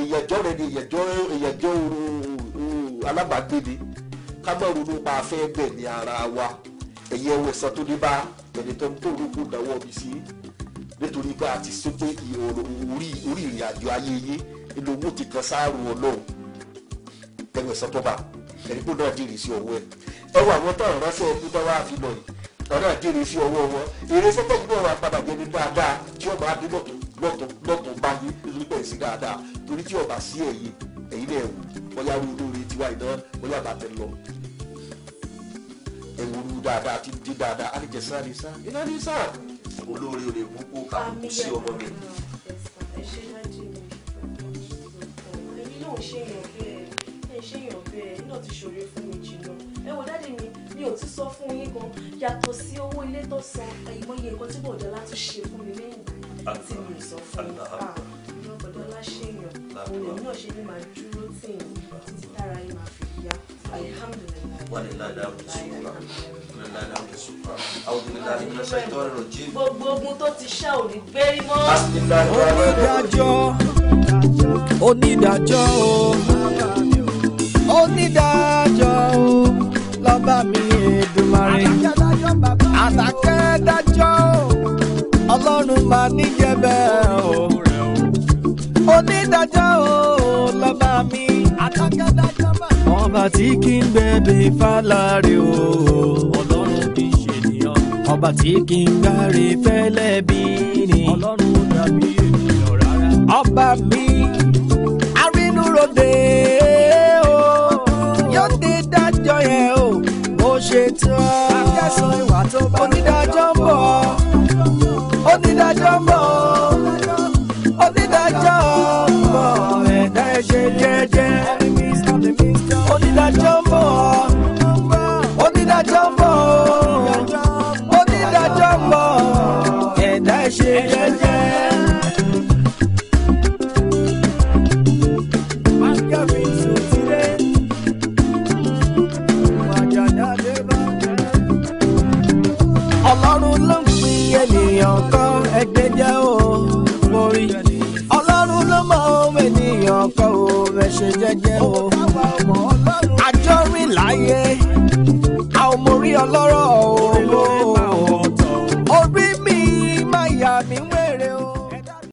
ìyẹ̀jọ́ rẹ̀ ni ìyẹ̀jọ́ ìyẹ̀jọ́ alábàágbéni ká má ronú pa afẹ́ bẹ̀ ní ara wa ẹ̀yẹ ẹ̀wẹ̀sán tó dé bá ẹni tó ń tó orúkọ ìdáwọ́ mi sí nítorí pé a ti sọ pé orí ìrìn àjò ayé yé inú owó ti kan sáàrù ọlọ́run ẹ̀wẹ̀sán tó bá ẹ̀rí pé náà dìrì sí ọwọ́ ẹ̀ ẹ̀wọ̀ àwọn táwọn ránṣẹ́ ẹ̀kú tó wá fi lọ yìí ọ̀nà àjèrè sí ọwọ́ wọn èrè sẹ́tọ̀ gbọ́dọ̀ wà padà jẹ́ ní dáadáa tí ọba adé lọ́tún lọ́tún lọ́tún báyé lórúkọ ẹ̀sìn dáadáa torí tí ọba sí ẹ̀yìn ẹ̀yìn náà wò bóyá wí lórí tiwa iná bóyá bá tẹ lọ ẹ̀wù rú dáadáa ti di dáadáa á lè jẹ sáà ní sáà iná ní sáà olóore olè púpọ̀ kàkú sí ọmọ mi. ṣé èèyàn bẹ́ẹ̀ ṣé èèyàn bẹ́ẹ̀ náà ti ṣòro fún mi jìnnà ẹ dáadé mi mi ò ti sọ fún yín gan yàtọ̀ sí owó ilé tó san ìmọ̀ye nǹkan tí bọ̀dọ̀ láti ṣe fún mi lẹ́yìn tí mi ò sọ fún yín àwọn ah, ah, ah. bọ̀dọ̀ láṣẹyàn òun èmi náà ṣe ni màá dúró tì yín títí tára yín máa fi yá alihamudulilayi. onídàájọ́ onídàájọ́ onídàájọ́ lọ́ba mi Èdùmàrè àtàkẹ́ dájọ́ ọlọ́run máa níjẹ́ bẹ́ẹ̀ o onídàájọ́ o lọ́ba mi àtàkẹ́ dájọ́ bá. ọba tí kì í gbẹ̀bẹ̀ fàlàrè o ọlọ́run kì í ṣe nìyàn ọba tí kì í gbàre fẹ́lẹ́ bí ni ọlọ́run ò dàbí ènìyàn rárá. ọba mi arínúròde o yóò ti dájọ́ yẹn o ṣe tán. akẹ́sàn ìwà tó bá onídàájọ́ ń bọ̀ onídàájọ́ ń bọ̀ onídàájọ́ ń bọ̀ ẹ̀dá ẹ̀ ṣe jẹ́jẹ́ onídàájọ́ ń bọ̀. jẹ́ o àjọ rìn láyé a ò mórí ọlọ́rọ̀.